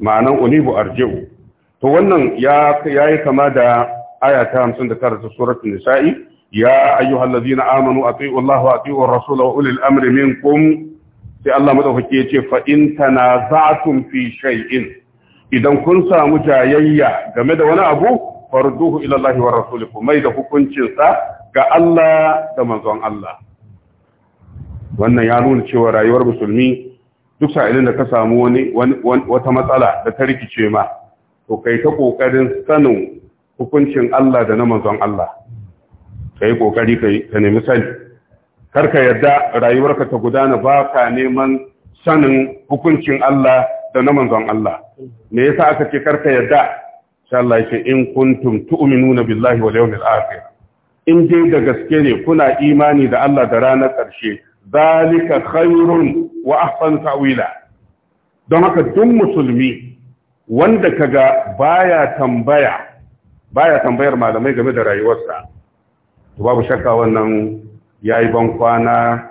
ma'anan unibu arji'u to wannan ya yayi kama da aya ta 59 ta suratul nisa'i ya ayyuhallazina amanu atiiu allaha wa atiiu ar-rasula wa ulil amri minkum sai Allah madaukake yace fa in tanaza'tum fi shay'in idan kun samu jayayya game da wani abu farduhu ila allahi wa rasulihi mai da hukuncin sa ga Allah da manzon Allah wannan ya nuna cewa rayuwar musulmi duk sa'ilin da ka samu wani wata matsala da ta rikice ma to kai ta kokarin sanin hukuncin Allah da na manzon Allah kai kokari kai ka nemi sani karka yadda rayuwarka ta gudana ba ka neman sanin hukuncin Allah da na manzon Allah me yasa aka ce karka yadda insha Allah ce in kuntum tu'minuna billahi wal yawmil akhir in dai da gaske ne kuna imani da Allah da ranar ƙarshe zalika khairun wa ahsan ta'wila don haka duk musulmi wanda kaga baya tambaya baya tambayar malamai game da rayuwarsa to babu shakka wannan yayi ban kwana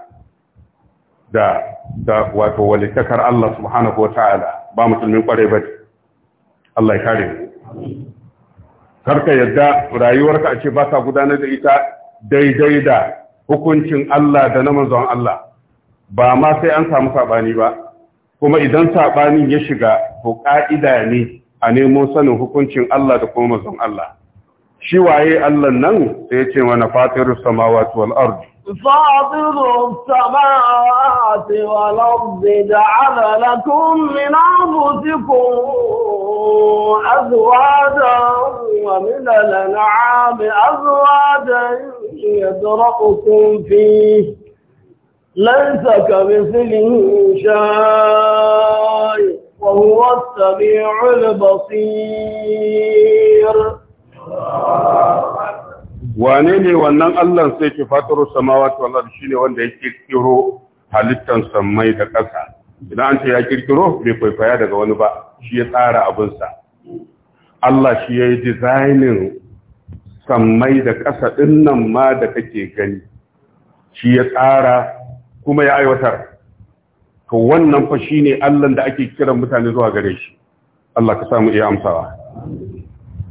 da da wato walitakar Allah subhanahu wataala ba musulmin kware ba Allah ya kare mu ka yadda rayuwarka a ce ba ka gudanar da ita daidai da hukuncin Allah da na manzon Allah ba ma sai an samu saɓani ba kuma idan saɓanin ya shiga ko ƙa'ida ne a nemo sanin hukuncin Allah da kuma manzon Allah shi waye Allah nan sai ya ce mana fatirus samawati wal ardi فاطروا السماوات والأرض جعل لكم من أنفسكم أزواجا ومن الأنعام أزواجا يدرأكم فيه ليس كمثله شيء وهو السميع البصير wane ne wannan Allah sai ke fataro samawati wal shi shine wanda ya kirkiro halittan samai da ƙasa idan an ce ya kirkiro bai kwaikwaya daga wani ba shi ya tsara sa Allah shi ya yi dizainin sammai da ƙasa ɗinnan ma da kake gani shi ya tsara kuma ya aiwatar to wannan fa shi ne Allah da ake kiran mutane zuwa gare shi Allah ka samu iya amsawa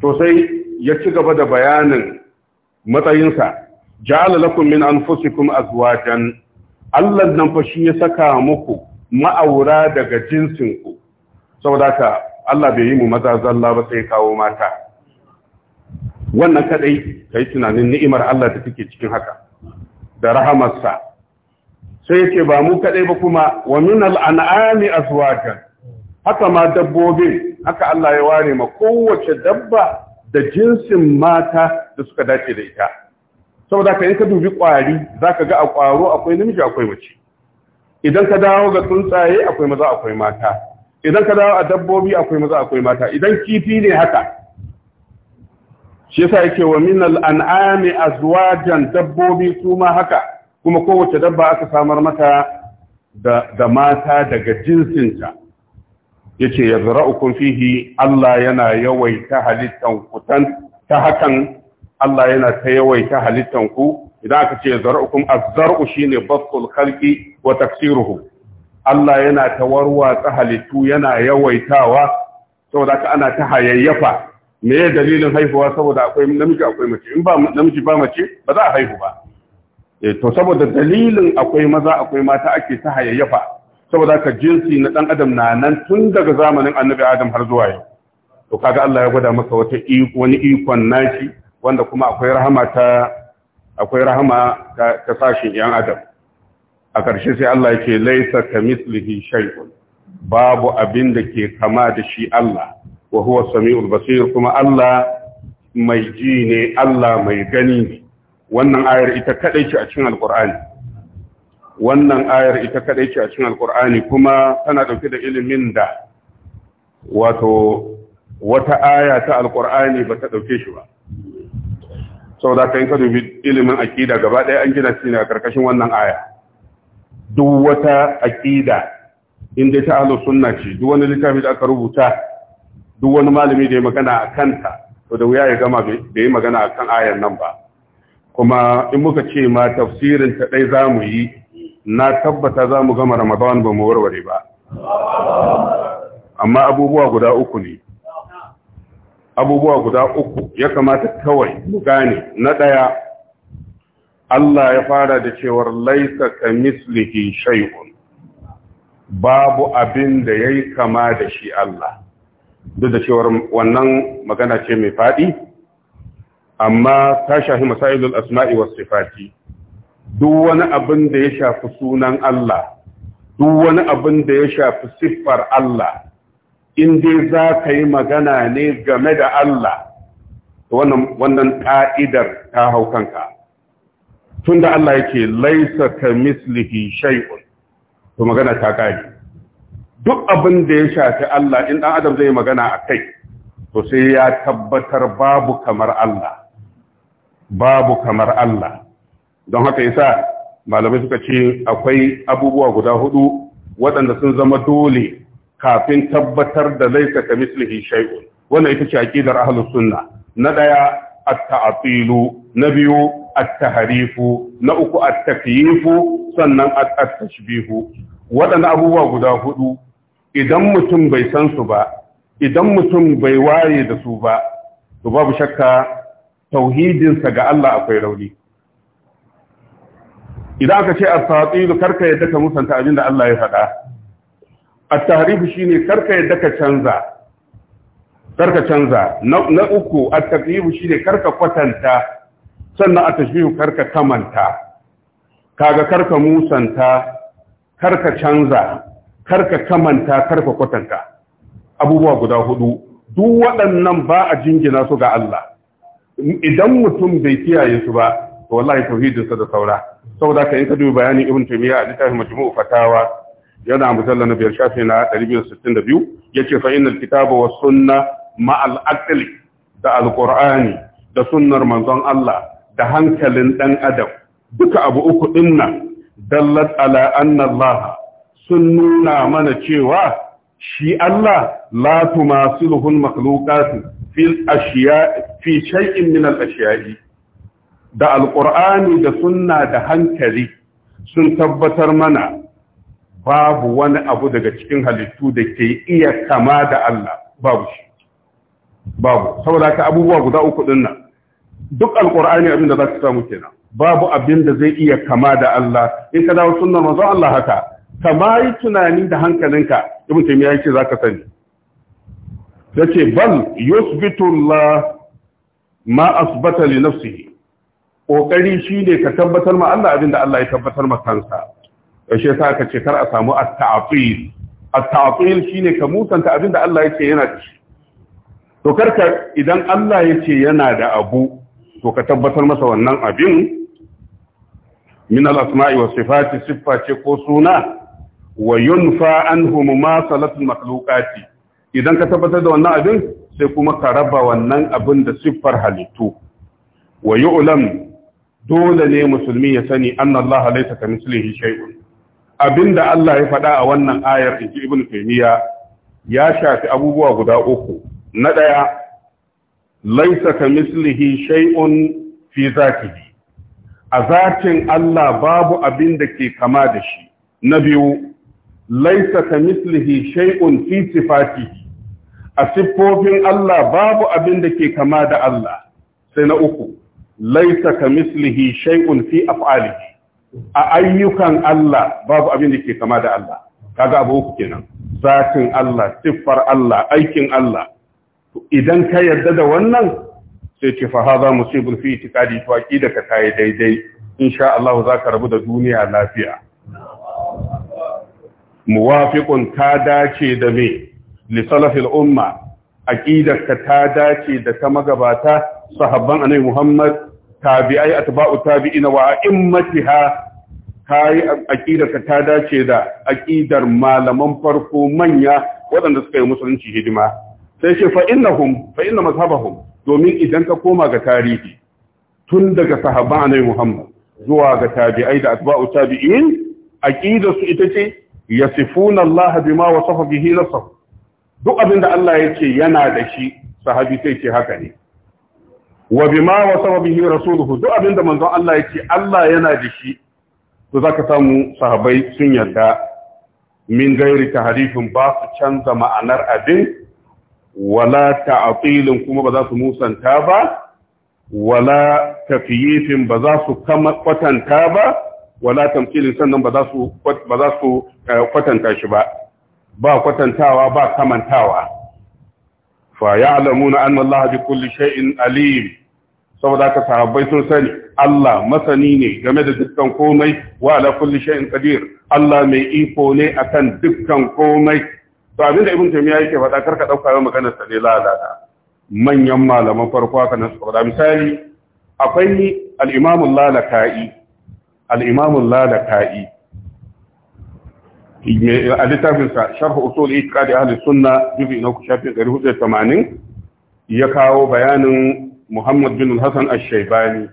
to sai ya ci gaba da bayanin matsayinsa ja'ala min anfusikum azwajan Allah nan fa shi ya saka muku ma'aura daga jinsin ku saboda ka Allah bai yi mu maza zalla ba sai kawo mata wannan kadai kai tunanin ni'imar Allah da take cikin haka da rahamarsa sai yake ba mu kadai ba kuma wa min al-an'ami azwajan haka ma dabbobin haka Allah ya ware ma kowace dabba da jinsin mata da suka dace da ita saboda ka in ka dubi kwari zaka ga a kwaro akwai namiji akwai mace idan ka dawo ga tsuntsaye akwai maza akwai mata idan ka dawo a dabbobi akwai maza akwai mata idan kifi ne haka shi yasa yake wa min al-an'ami azwajan dabbobi su haka kuma kowace dabba aka samar mata da mata daga jinsinta yace yazra'ukum fihi Allah yana yawaita halittan ku ta hakan Allah yana ta yawaita halittan ku idan aka ce yazra'ukum az-zar'u shine basul khalqi wa taksiruhu Allah yana ta warwatsa halittu yana yawaitawa saboda haka ana ta hayayyafa me ya dalilin haihuwa saboda akwai namiji akwai mace in ba namiji ba mace ba za a haihu ba eh, to saboda dalilin akwai maza akwai mata ake ta hayayyafa saboda haka jinsi na dan adam na nan tun daga zamanin annabi adam har zuwa yau to kaga Allah ya gwada maka wata wani ikon nashi wanda kuma akwai rahama ta akwai rahama ta sashin yan adam a ƙarshe sai Allah ya ce laisa mislihi shay'un babu abin da ke kama da shi Allah wa huwa sami'ul basir kuma Allah mai ji ne Allah mai gani ne wannan ayar ita kadai ce a cikin alqur'ani wannan ayar ita kadai ce a cikin alkur'ani kuma tana dauke da ilimin da wato wata aya ta alkur'ani ba ta dauke shi ba saboda kai ka dubi ilimin aqida gaba ɗaya an gina shi ne a karkashin wannan aya duk wata aqida inda ta ahlus sunna ce duk wani littafi da aka rubuta duk wani malami da ya magana a kanta to da wuya ya gama da ya magana a kan ayan nan ba kuma in muka ce ma tafsirin ta ɗai za mu yi na tabbata za mu gama ramadan ba mu warware ba amma abubuwa guda uku ne abubuwa guda uku ya kamata kawai mu gane na ɗaya Allah ya fara da cewar laisa ka mislihi shay'un babu abin da yayi kama da shi Allah duk da cewar wannan magana ce mai faɗi amma ta shafi masailul asma'i was sifati duk wani abin da ya shafi sunan Allah duk wani abin da ya shafi siffar Allah in dai za ka yi magana ne game da Allah wannan ƙa'idar ta hau kanka tun Allah yake laisa ka mislihi shay'un to magana ta ƙari duk abin da ya shafi Allah in ɗan adam zai magana a kai to sai ya tabbatar babu kamar Allah babu kamar Allah don haka yasa malamai suka ce akwai abubuwa guda hudu waɗanda sun zama dole kafin tabbatar da laisa ka mislihi shay'un wannan ita ce aqidar ahlus sunna na daya at-ta'tilu na biyu at-tahrifu na uku at-takyifu sannan at-tashbihu waɗannan abubuwa guda hudu idan mutum bai san su ba idan mutum bai waye da su ba to babu shakka tauhidinsa ga Allah akwai rauni idan aka ce asatiru karka yadda ka musanta abin da Allah ya faɗa at-tahrif shine karka yadda ka canza karka canza na uku at-taqyib shine karka kwatanta sannan at-tashbih karka kamanta kaga karka musanta karka canza karka kamanta karka kwatanta abubuwa guda hudu duk waɗannan ba a jingina su ga Allah idan mutum bai kiyaye su ba to wallahi tauhidinsa da saura saboda ka in ka dubi bayanin ibn taymiya a littafin majmu'u fatawa yana mujalla na biyar shafi na 262 yace fa innal kitaba was sunna ma al da al qur'ani da sunnar manzon Allah da hankalin dan adam duka abu uku dinnan dallat ala anna Allah sun nuna mana cewa shi Allah la tumasilhu al makhluqat fi al ashiya fi shay'in min al ashiya'i da alƙur'ani da sunna da hankali sun tabbatar mana babu wani abu daga cikin halittu da ke iya kama da Allah babu shi babu saboda ka abubuwa guda uku din duk alƙur'ani abin za ka samu kenan babu abin zai iya kama da Allah in ka dawo sunnar manzo Allah haka kama yi tunani da hankalinka ibn taymiya yace zaka sani yace bal yusbitu Allah ma asbata li nafsihi kokari shine ka tabbatar ma Allah abinda Allah ya tabbatar ma kansa shi yasa ka ce kar a samu at-ta'til at-ta'til shine ka musanta abinda Allah yake yana da shi to karka idan Allah yace yana da abu to ka tabbatar masa wannan abin min al-asma'i was sifati siffa ce ko suna wa yunfa anhu mumasalatul makhluqati idan ka tabbatar da wannan abin sai kuma ka raba wannan abin da siffar halittu wa yu'lam dole ne musulmi ya sani annallaha laysa mislihi, shay'un abinda Allah ya faɗa a wannan ayar inji ibn taymiya ya shafi abubuwa guda uku na daya laysa mislihi shay'un fi zatihi a zatin Allah babu abin da ke kama da shi na biyu laisa ka mislihi shay'un fi sifatihi a siffofin Allah babu abin da ke kama da Allah sai na uku laisa ka mislihi shay'un fi af'alihi a ayyukan Allah babu abin da ke kama da Allah kaga abu uku kenan zatin Allah siffar Allah aikin Allah idan ka yarda da wannan sai ce fa hadha musibun fi itiqadi to aqida ka kai daidai insha Allah zaka rabu da duniya lafiya muwafiqun ta dace da me li salafil umma aqidarka ta dace da ta magabata sahabban annabi Muhammad tabi'ai atba'u tabi'ina wa a'immatiha kai aqidarka ta dace da aqidar malaman farko manya waɗanda suka yi musulunci hidima sai ce fa innahum fa inna mazhabahum domin idan ka koma ga tarihi tun daga sahabban annabi Muhammad zuwa ga tabi'ai da atba'u tabi'in aqidarsu ita ce yasifuna Allah bima wasafa bihi nafsuhu duk abin da Allah ya yana da shi sahabi sai ce haka ne wa bima wa sababihi rasuluhu duk abin da manzon Allah ya Allah yana da shi to zaka samu sahabbai sun yarda min gairi tahrifin ba su canza ma'anar abin wala ta'tilin kuma ba za su musanta ba wala tafyifin ba za su kama kwatanta ba wala tamthilin sannan ba za su ba za su eh, kwatanta shi ba ba kwatantawa ba kamantawa fa ya'lamuna anna Allah bi kulli shay'in alim saboda ka sahabbai sun sani Allah masani ne game da dukkan komai wa ala kulli shay'in qadir Allah mai iko ne akan dukkan komai to abinda ibn taymiya yake faɗa karka dauka yau maganar sa ne lalata manyan malaman farko haka nan saboda misali akwai al-imam al-lalaka'i al-imam lalakai a littafinsa sharh usul itiqadi ahli sunna juzu na ku shafin 480 ya kawo bayanin Muhammad bin Hassan Ash-Shaybani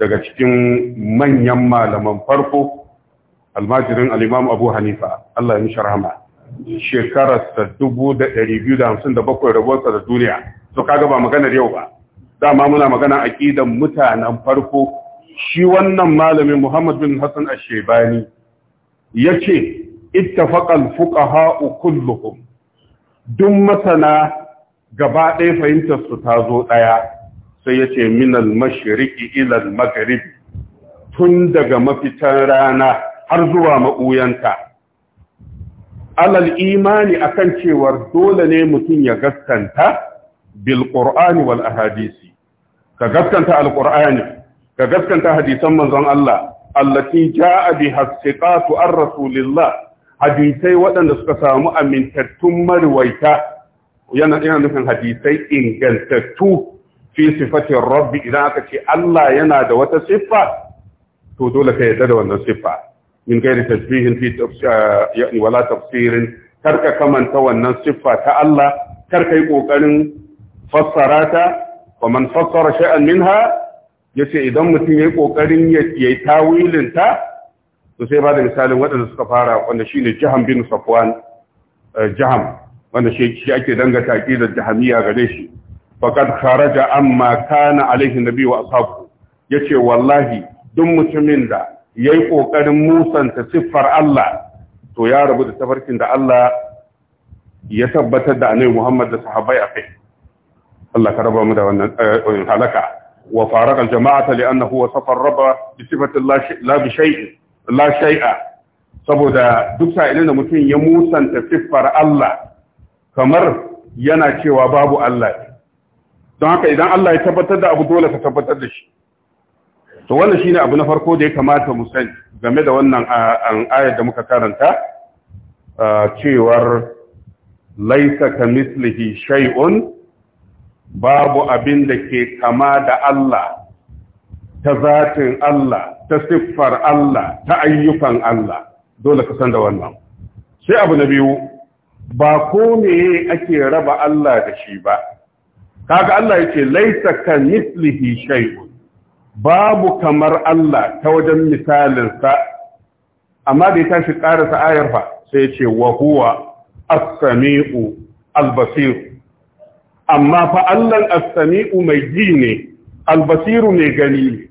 daga cikin manyan malaman farko almajirin al-Imam Abu Hanifa Allah ya mishi rahama shekarar 1257 rabuwarsa da duniya to kaga ba maganar yau ba dama muna magana aqidan mutanen farko shi wannan malamin Muhammad bin Hassan Ash-Shaybani yace ittafaqal fuqaha kulluhum duk masana gaba ɗaya fahimtar su ta zo ɗaya sai ya ce minal mashiriki ilal magarib tun daga mafitan rana har zuwa ma'uyanta alal imani akan cewar dole ne mutum ya gaskanta bil qur'ani wal ahadisi ka gaskanta al qur'ani ka gaskanta hadisan manzon Allah allati jaa biha siqatu ar rasulillah hadisai waɗanda suka samu amintattun marwaita yana yana nufin hadisai ingantattu fi sifatin rabbi idan aka ce Allah yana da wata siffa to dole ka yarda da wannan siffa min gairi tasbihin fi eh, yani wala tafsirin karka kamanta wannan siffa ta Allah karka yi kokarin fassara ta wa man fassara shay'an minha yace idan mutum yayi kokarin yi tawilin ta to sai ba da misalin waɗanda suka fara wanda shi ne jiham bin safwan eh, jiham wanda shi ake dangata da jihamiya gare shi faƙad kharaja amma kana alaihi nabi wa ashabu yace wallahi duk mutumin da yayi kokarin musanta siffar Allah to ya rabu da tafarkin da Allah ya tabbatar da annabi Muhammad da sahabbai akai Allah ka raba mu da wannan eh, halaka wa faraka al-jama'ata li'annahu wasafa ar-raba bi sifati la bi shay'in la shay'a saboda duk sa'ilin da mutum ya musanta siffar Allah kamar yana cewa babu Allah don haka idan Allah ya tabbatar da abu dole ka tabbatar da shi to wannan shine abu na farko da ya kamata mu sani game da wannan ayar da muka karanta cewar laisa ka mislihi shay'un babu abin da ke kama da Allah ta zatin Allah ta siffar Allah ta ayyukan Allah dole ka san da wannan sai abu na biyu ba ko me ake raba Allah da shi ba kaga Allah yake laisa ka mislihi shay'un babu kamar Allah ta wajen misalinsa amma da ya shi ƙarasa ayar fa sai ce wa huwa as-sami'u al-basir amma fa Allah as-sami'u mai ji ne al-basir mai gani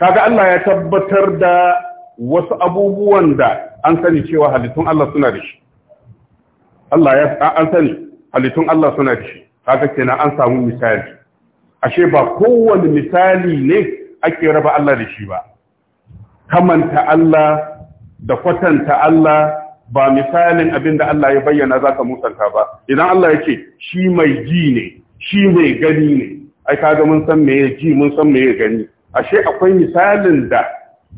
kaga Allah ya tabbatar da wasu abubuwan da an sani cewa halittun Allah suna da shi Allah ya an sani halittun Allah suna da shi kaga kenan an samu misali ashe ba kowane misali ne ake raba Allah da shi ba kamanta Allah da kwatanta Allah ba misalin abin da Allah ya bayyana za ka musanta ba idan Allah ya ce shi mai ji ne shi mai gani ne ai kaga mun san me ya ji mun san me ya gani ashe akwai misalin da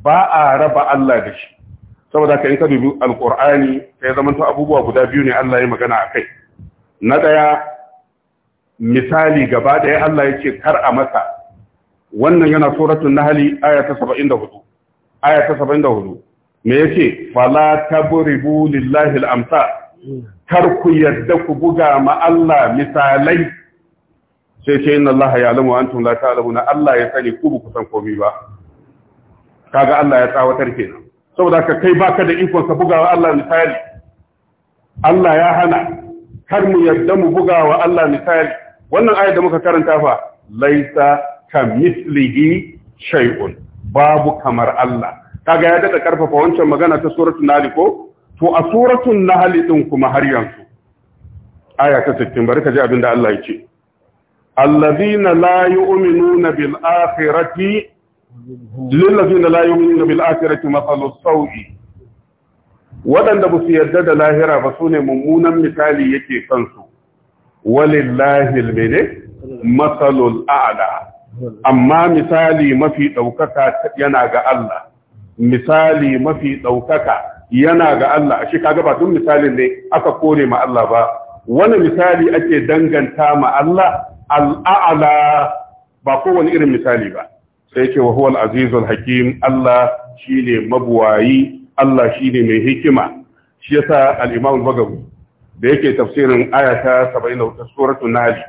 ba a raba Allah da shi saboda ka in ka dubi alqur'ani sai zaman to abubuwa guda biyu ne Allah ya magana a kai. na daya misali gaba daya Allah ya ce kar a masa wannan yana suratul nahli aya ta 74 aya ta 74 me yake fala taburibu lillahi al-amsal kar ku yadda ku buga ma Allah misalai sai ce inna Allah ya alamu ta la na Allah ya sani ku ba ku san komai ba kaga Allah ya tsawatar kenan saboda ka kai baka da ikon ka bugawa Allah misali Allah ya hana kar mu yadda mu bugawa Allah misali wannan ayat da muka karanta fa laisa kamislihi shay'un babu kamar Allah kaga ya daɗa karfafa wancan magana ta suratul nahl ko to a suratul nahl din kuma har yanzu aya ta 60 bari ka ji abin da Allah ya ce allazina la yu'minuna bil akhirati lillazina la yu'minuna bil akhirati masalu sawi wadanda ba su yarda da lahira ba sune mummunan misali yake kansu walillahi almene masalul a'la amma misali mafi daukaka yana ga Allah misali mafi ɗaukaka yana ga Allah shi kaga ba tun misalin ne aka kore ma Allah ba wani misali ake danganta ma Allah al'a'ala ba kowane irin misali ba sai ce wa huwal azizul hakim Allah ne mabuwayi Allah shi ne mai hikima shi ya sa imam bagabu da yake tafsirin ayata 70 ta suratun nali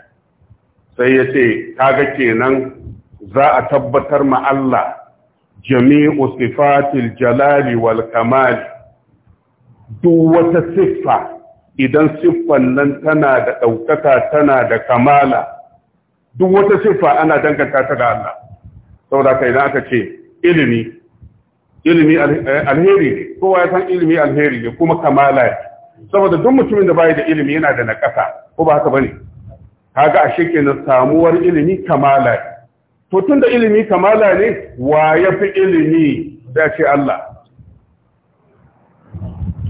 sai ya yace kaga kenan za a tabbatar ma Allah jami'u sifatil jalali wal kamali duk wata siffa idan siffan nan tana da ɗaukaka tana da kamala duk wata siffa ana danganta ta da Allah saboda kai idan aka ce ilimi ilimi eh, alheri ne kowa san ilimi alheri ne kuma kamala ne saboda duk mutumin da bai da ilimi yana da nakasa ko ba haka bane kaga ashe na samuwar ilimi kamala ne to tunda ilimi kamala ne wa ya fi ilimi da ce Allah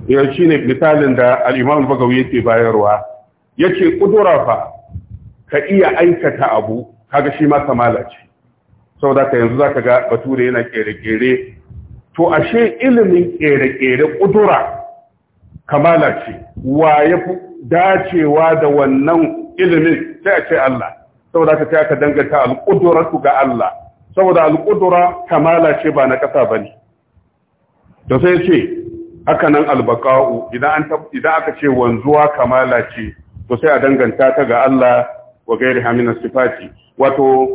ya shine misalin da al-Imam Bagawi yake bayarwa yace kudura fa ka iya aikata abu kaga shi ma kamala ce saboda ka yanzu zaka ga bature yana kere-kere to ashe ilimin kere-kere kudura kamala ce wa ya dacewa da wannan ilimin sai a ce Allah saboda ka ta aka danganta ku ga Allah saboda alƙudura kamala ce ba na ƙasa ba ne da sai ce haka nan albaka'u idan aka ce wanzuwa kamala ce to sai a danganta ta ga Allah wa gairi hamina sifati wato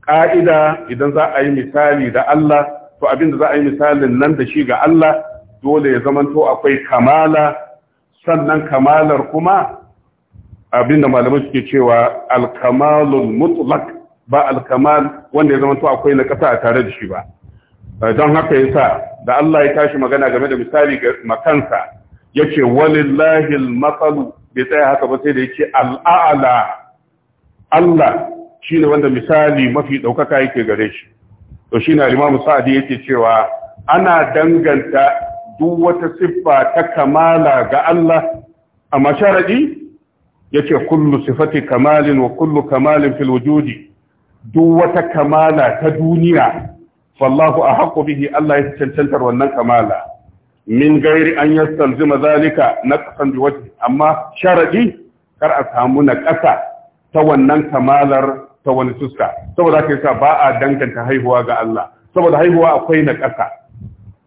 ka'ida idan za a yi misali da Allah to abinda za a yi misalin nan da shi ga Allah dole ya zamanto akwai kamala sannan kamalar kuma abinda malamai suke cewa alkamalul mutlak ba alkamal wanda ya zamanto akwai na kasa a tare da shi ba don haka yasa da Allah ya tashi magana game da misali ga makansa yace walillahi almasalu bai tsaya haka ba sai da yace al'ala Allah shine wanda misali mafi ɗaukaka yake gare shi to shine al-Imam Sa'di yake cewa ana danganta duk wata siffa ta kamala ga Allah amma sharadi yake kullu sifati kamalin wa kullu kamalin fil wujudi duk wata kamala ta duniya fallahu ahqqu bihi Allah ya cancantar wannan kamala min gairi an yastalzima zalika naqsan bi wajhi amma sharaɗi kar a samu na ƙasa ta wannan kamalar ta wani tuska saboda haka yasa ba a danganta haihuwa ga Allah saboda haihuwa akwai na ƙasa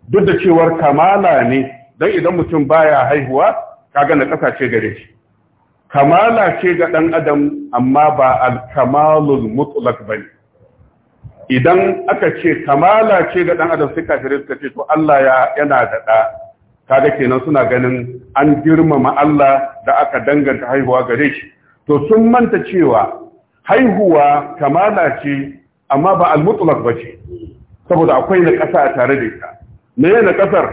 duk da cewar kamala ne dan idan mutum baya haihuwa kaga na ƙasa ce gare shi kamala ce ga dan adam amma ba al-kamalul mutlaq bane idan aka ce kamala ce ga dan adam sai kafirai suka ce to Allah ya yana da ɗa kaga kenan suna ganin an girmama Allah da aka danganta haihuwa gare shi to sun manta cewa haihuwa kamala ce amma ba al ba ce, saboda akwai na ƙasa a tare da ita me ya na ƙasar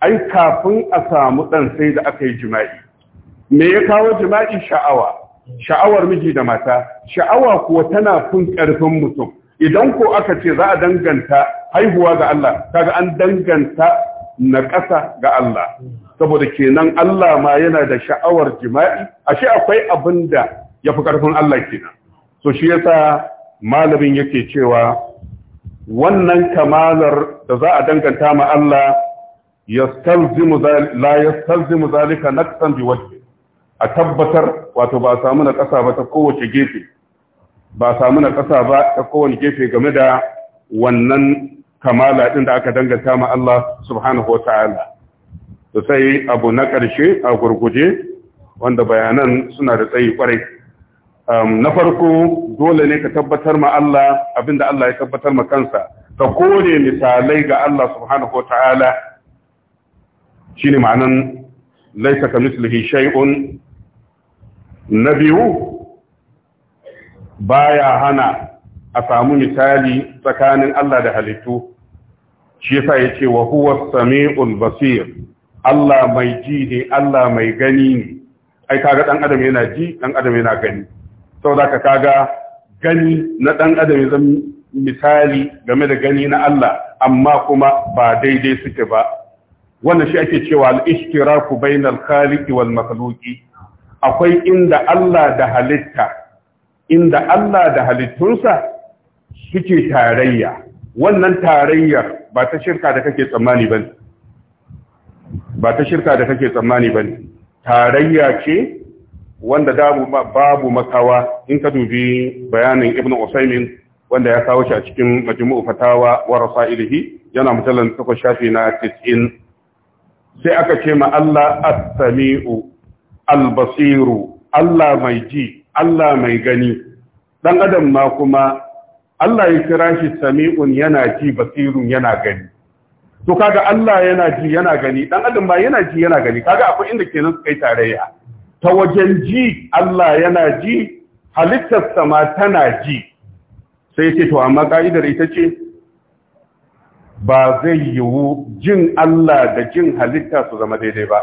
ai kafin a samu dan sai da aka yi jima'i me ya kawo jima'i sha'awa sha'awar miji da mata sha'awa kuwa tana fun ƙarfin mutum idan ko aka ce za a danganta haihuwa ga Allah kaga an danganta na ƙasa ga Allah saboda kenan Allah ma yana da sha'awar jima'i ashe akwai abin da ya fi ƙarfin Allah kenan so shi yasa malamin yake cewa wannan kamalar da za a danganta ma Allah yastalzimu la yastalzimu zalika naqsan biwajhi a tabbatar wato ba samu na ƙasa ba ta kowace gefe ba samu na ƙasa ba ta kowane gefe game da wannan kamala din da aka danganta ma Allah subhanahu wata'ala to sai abu na ƙarshe a gurguje wanda bayanan suna da tsayi kwarai na farko dole ne ka tabbatar ma Allah abinda Allah ya tabbatar ma kansa ka kone misalai ga Allah subhanahu wata'ala shine ma'anan laisa ka mislihi shay'un na biyu baya hana a samu misali tsakanin Allah da halittu shi yasa ce, wa huwa samiul basir Allah mai ji ne Allah mai gani ne ai kaga dan adam yana ji dan adam yana gani saboda ka kaga gani na dan adam zan misali game da gani na Allah amma kuma ba daidai suke ba wannan shi ake cewa al-ishtiraku bainal khaliqi wal makhluqi akwai inda Allah da halitta inda Allah da halittunsa suke tarayya wannan tarayyar ba ta shirka da kake tsammani ba ba ta shirka da kake tsammani ba tarayya ce wanda babu makawa in ka dubi bayanin ibnu usaimin wanda ya kawo shi a cikin majmu'u fatawa wa rasailihi yana mutallan takwas shafi na 90 sai aka ce ma Allah as-sami'u al-basiru Allah mai ji Allah mai gani dan adam ma kuma Allah ya kira shi sami'un yana ji basirun yana gani to kaga Allah yana ji yana gani dan adam ba yana ji yana gani kaga akwai inda kenan su kai tarayya ta wajen ji Allah yana ji halittar sama tana ji sai ce to amma ka'idar ita ce ba zai yiwu jin Allah da jin halitta su zama daidai ba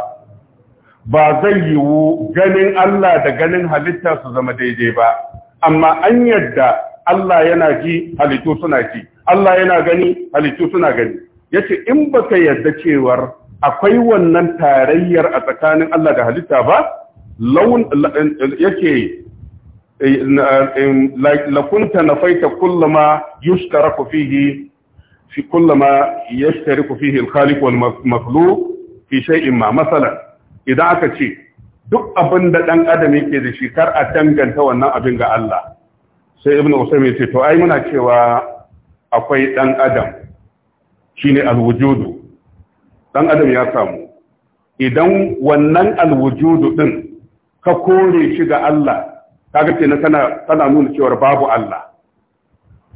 ba zai yiwu ganin Allah da ganin halitta su zama daidai ba amma an yadda Allah yana ji halittu suna ji Allah yana gani halittu suna gani yace in baka yarda cewar akwai wannan tarayyar a tsakanin Allah da halitta ba laun yake eh, lakunta faita kullama yushtaraku fihi fi kullama yashtariku fihi al wal fi shay'in ma masalan idan aka ce duk abin da dan adam yake da shi kar a danganta wannan abin ga Allah sai ibn usaimi ce to ai muna cewa akwai dan adam shine alwujudu dan adam ya samu idan wannan alwujudu din ka kore shi ga Allah kaga na kana kana nuna cewa babu Allah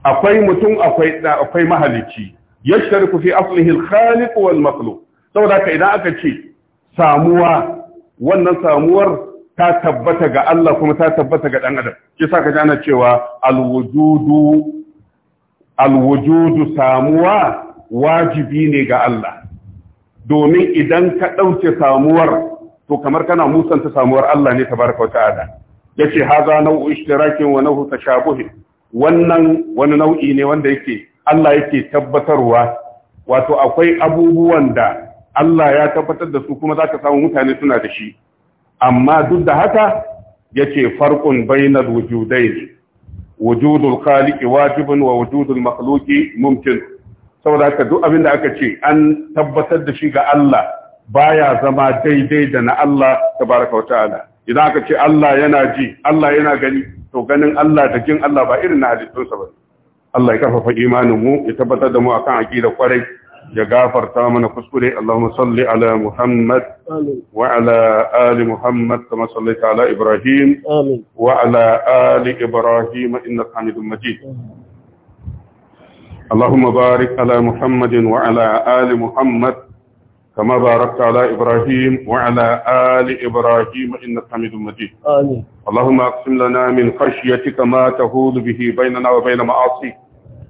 akwai mutum akwai da akwai mahalici yashtariku fi aslihi alkhaliq khaliq wal makhluq saboda ka idan aka ce samuwa wannan samuwar ta tabbata ga Allah kuma ta tabbata ga ɗan adam sa ka jana cewa alwujudu alwujudu samuwa wajibi ne ga Allah domin idan ka ɗauke samuwar to kamar kana musanta samuwar Allah ne tabaraka wa yace haza nau'u ishtirakin wa nau'u tashabuhi wannan wani nau'i ne wanda yake Allah yake tabbatarwa wato akwai abubuwan da Allah ya tabbatar da su kuma zaka samu mutane suna da shi amma duk da haka yace bainar wujudai ne wujudul khaliki wajibin wa wujudul makhluqi mumkin saboda haka duk abin da aka ce an tabbatar da shi ga Allah baya zama daidai da na Allah tabaraka wa ta'ala idan aka ce Allah yana ji Allah yana gani to ganin Allah da jin Allah ba irin na halittunsa ba Allah ya karfafa imanin mu ya tabbatar da mu akan aqida kwarai ya gafarta mana kuskure Allahumma salli ala Muhammad wa ala ali Muhammad kama sallaita ala Ibrahim wa ala ali Ibrahim innaka Hamidum Majid Allahumma barik ala Muhammadin wa ala ali Muhammad كما باركت على إبراهيم وعلى آل إبراهيم إنك حميد مجيد آمين اللهم أقسم لنا من خشيتك ما تهول به بيننا وبين معاصيك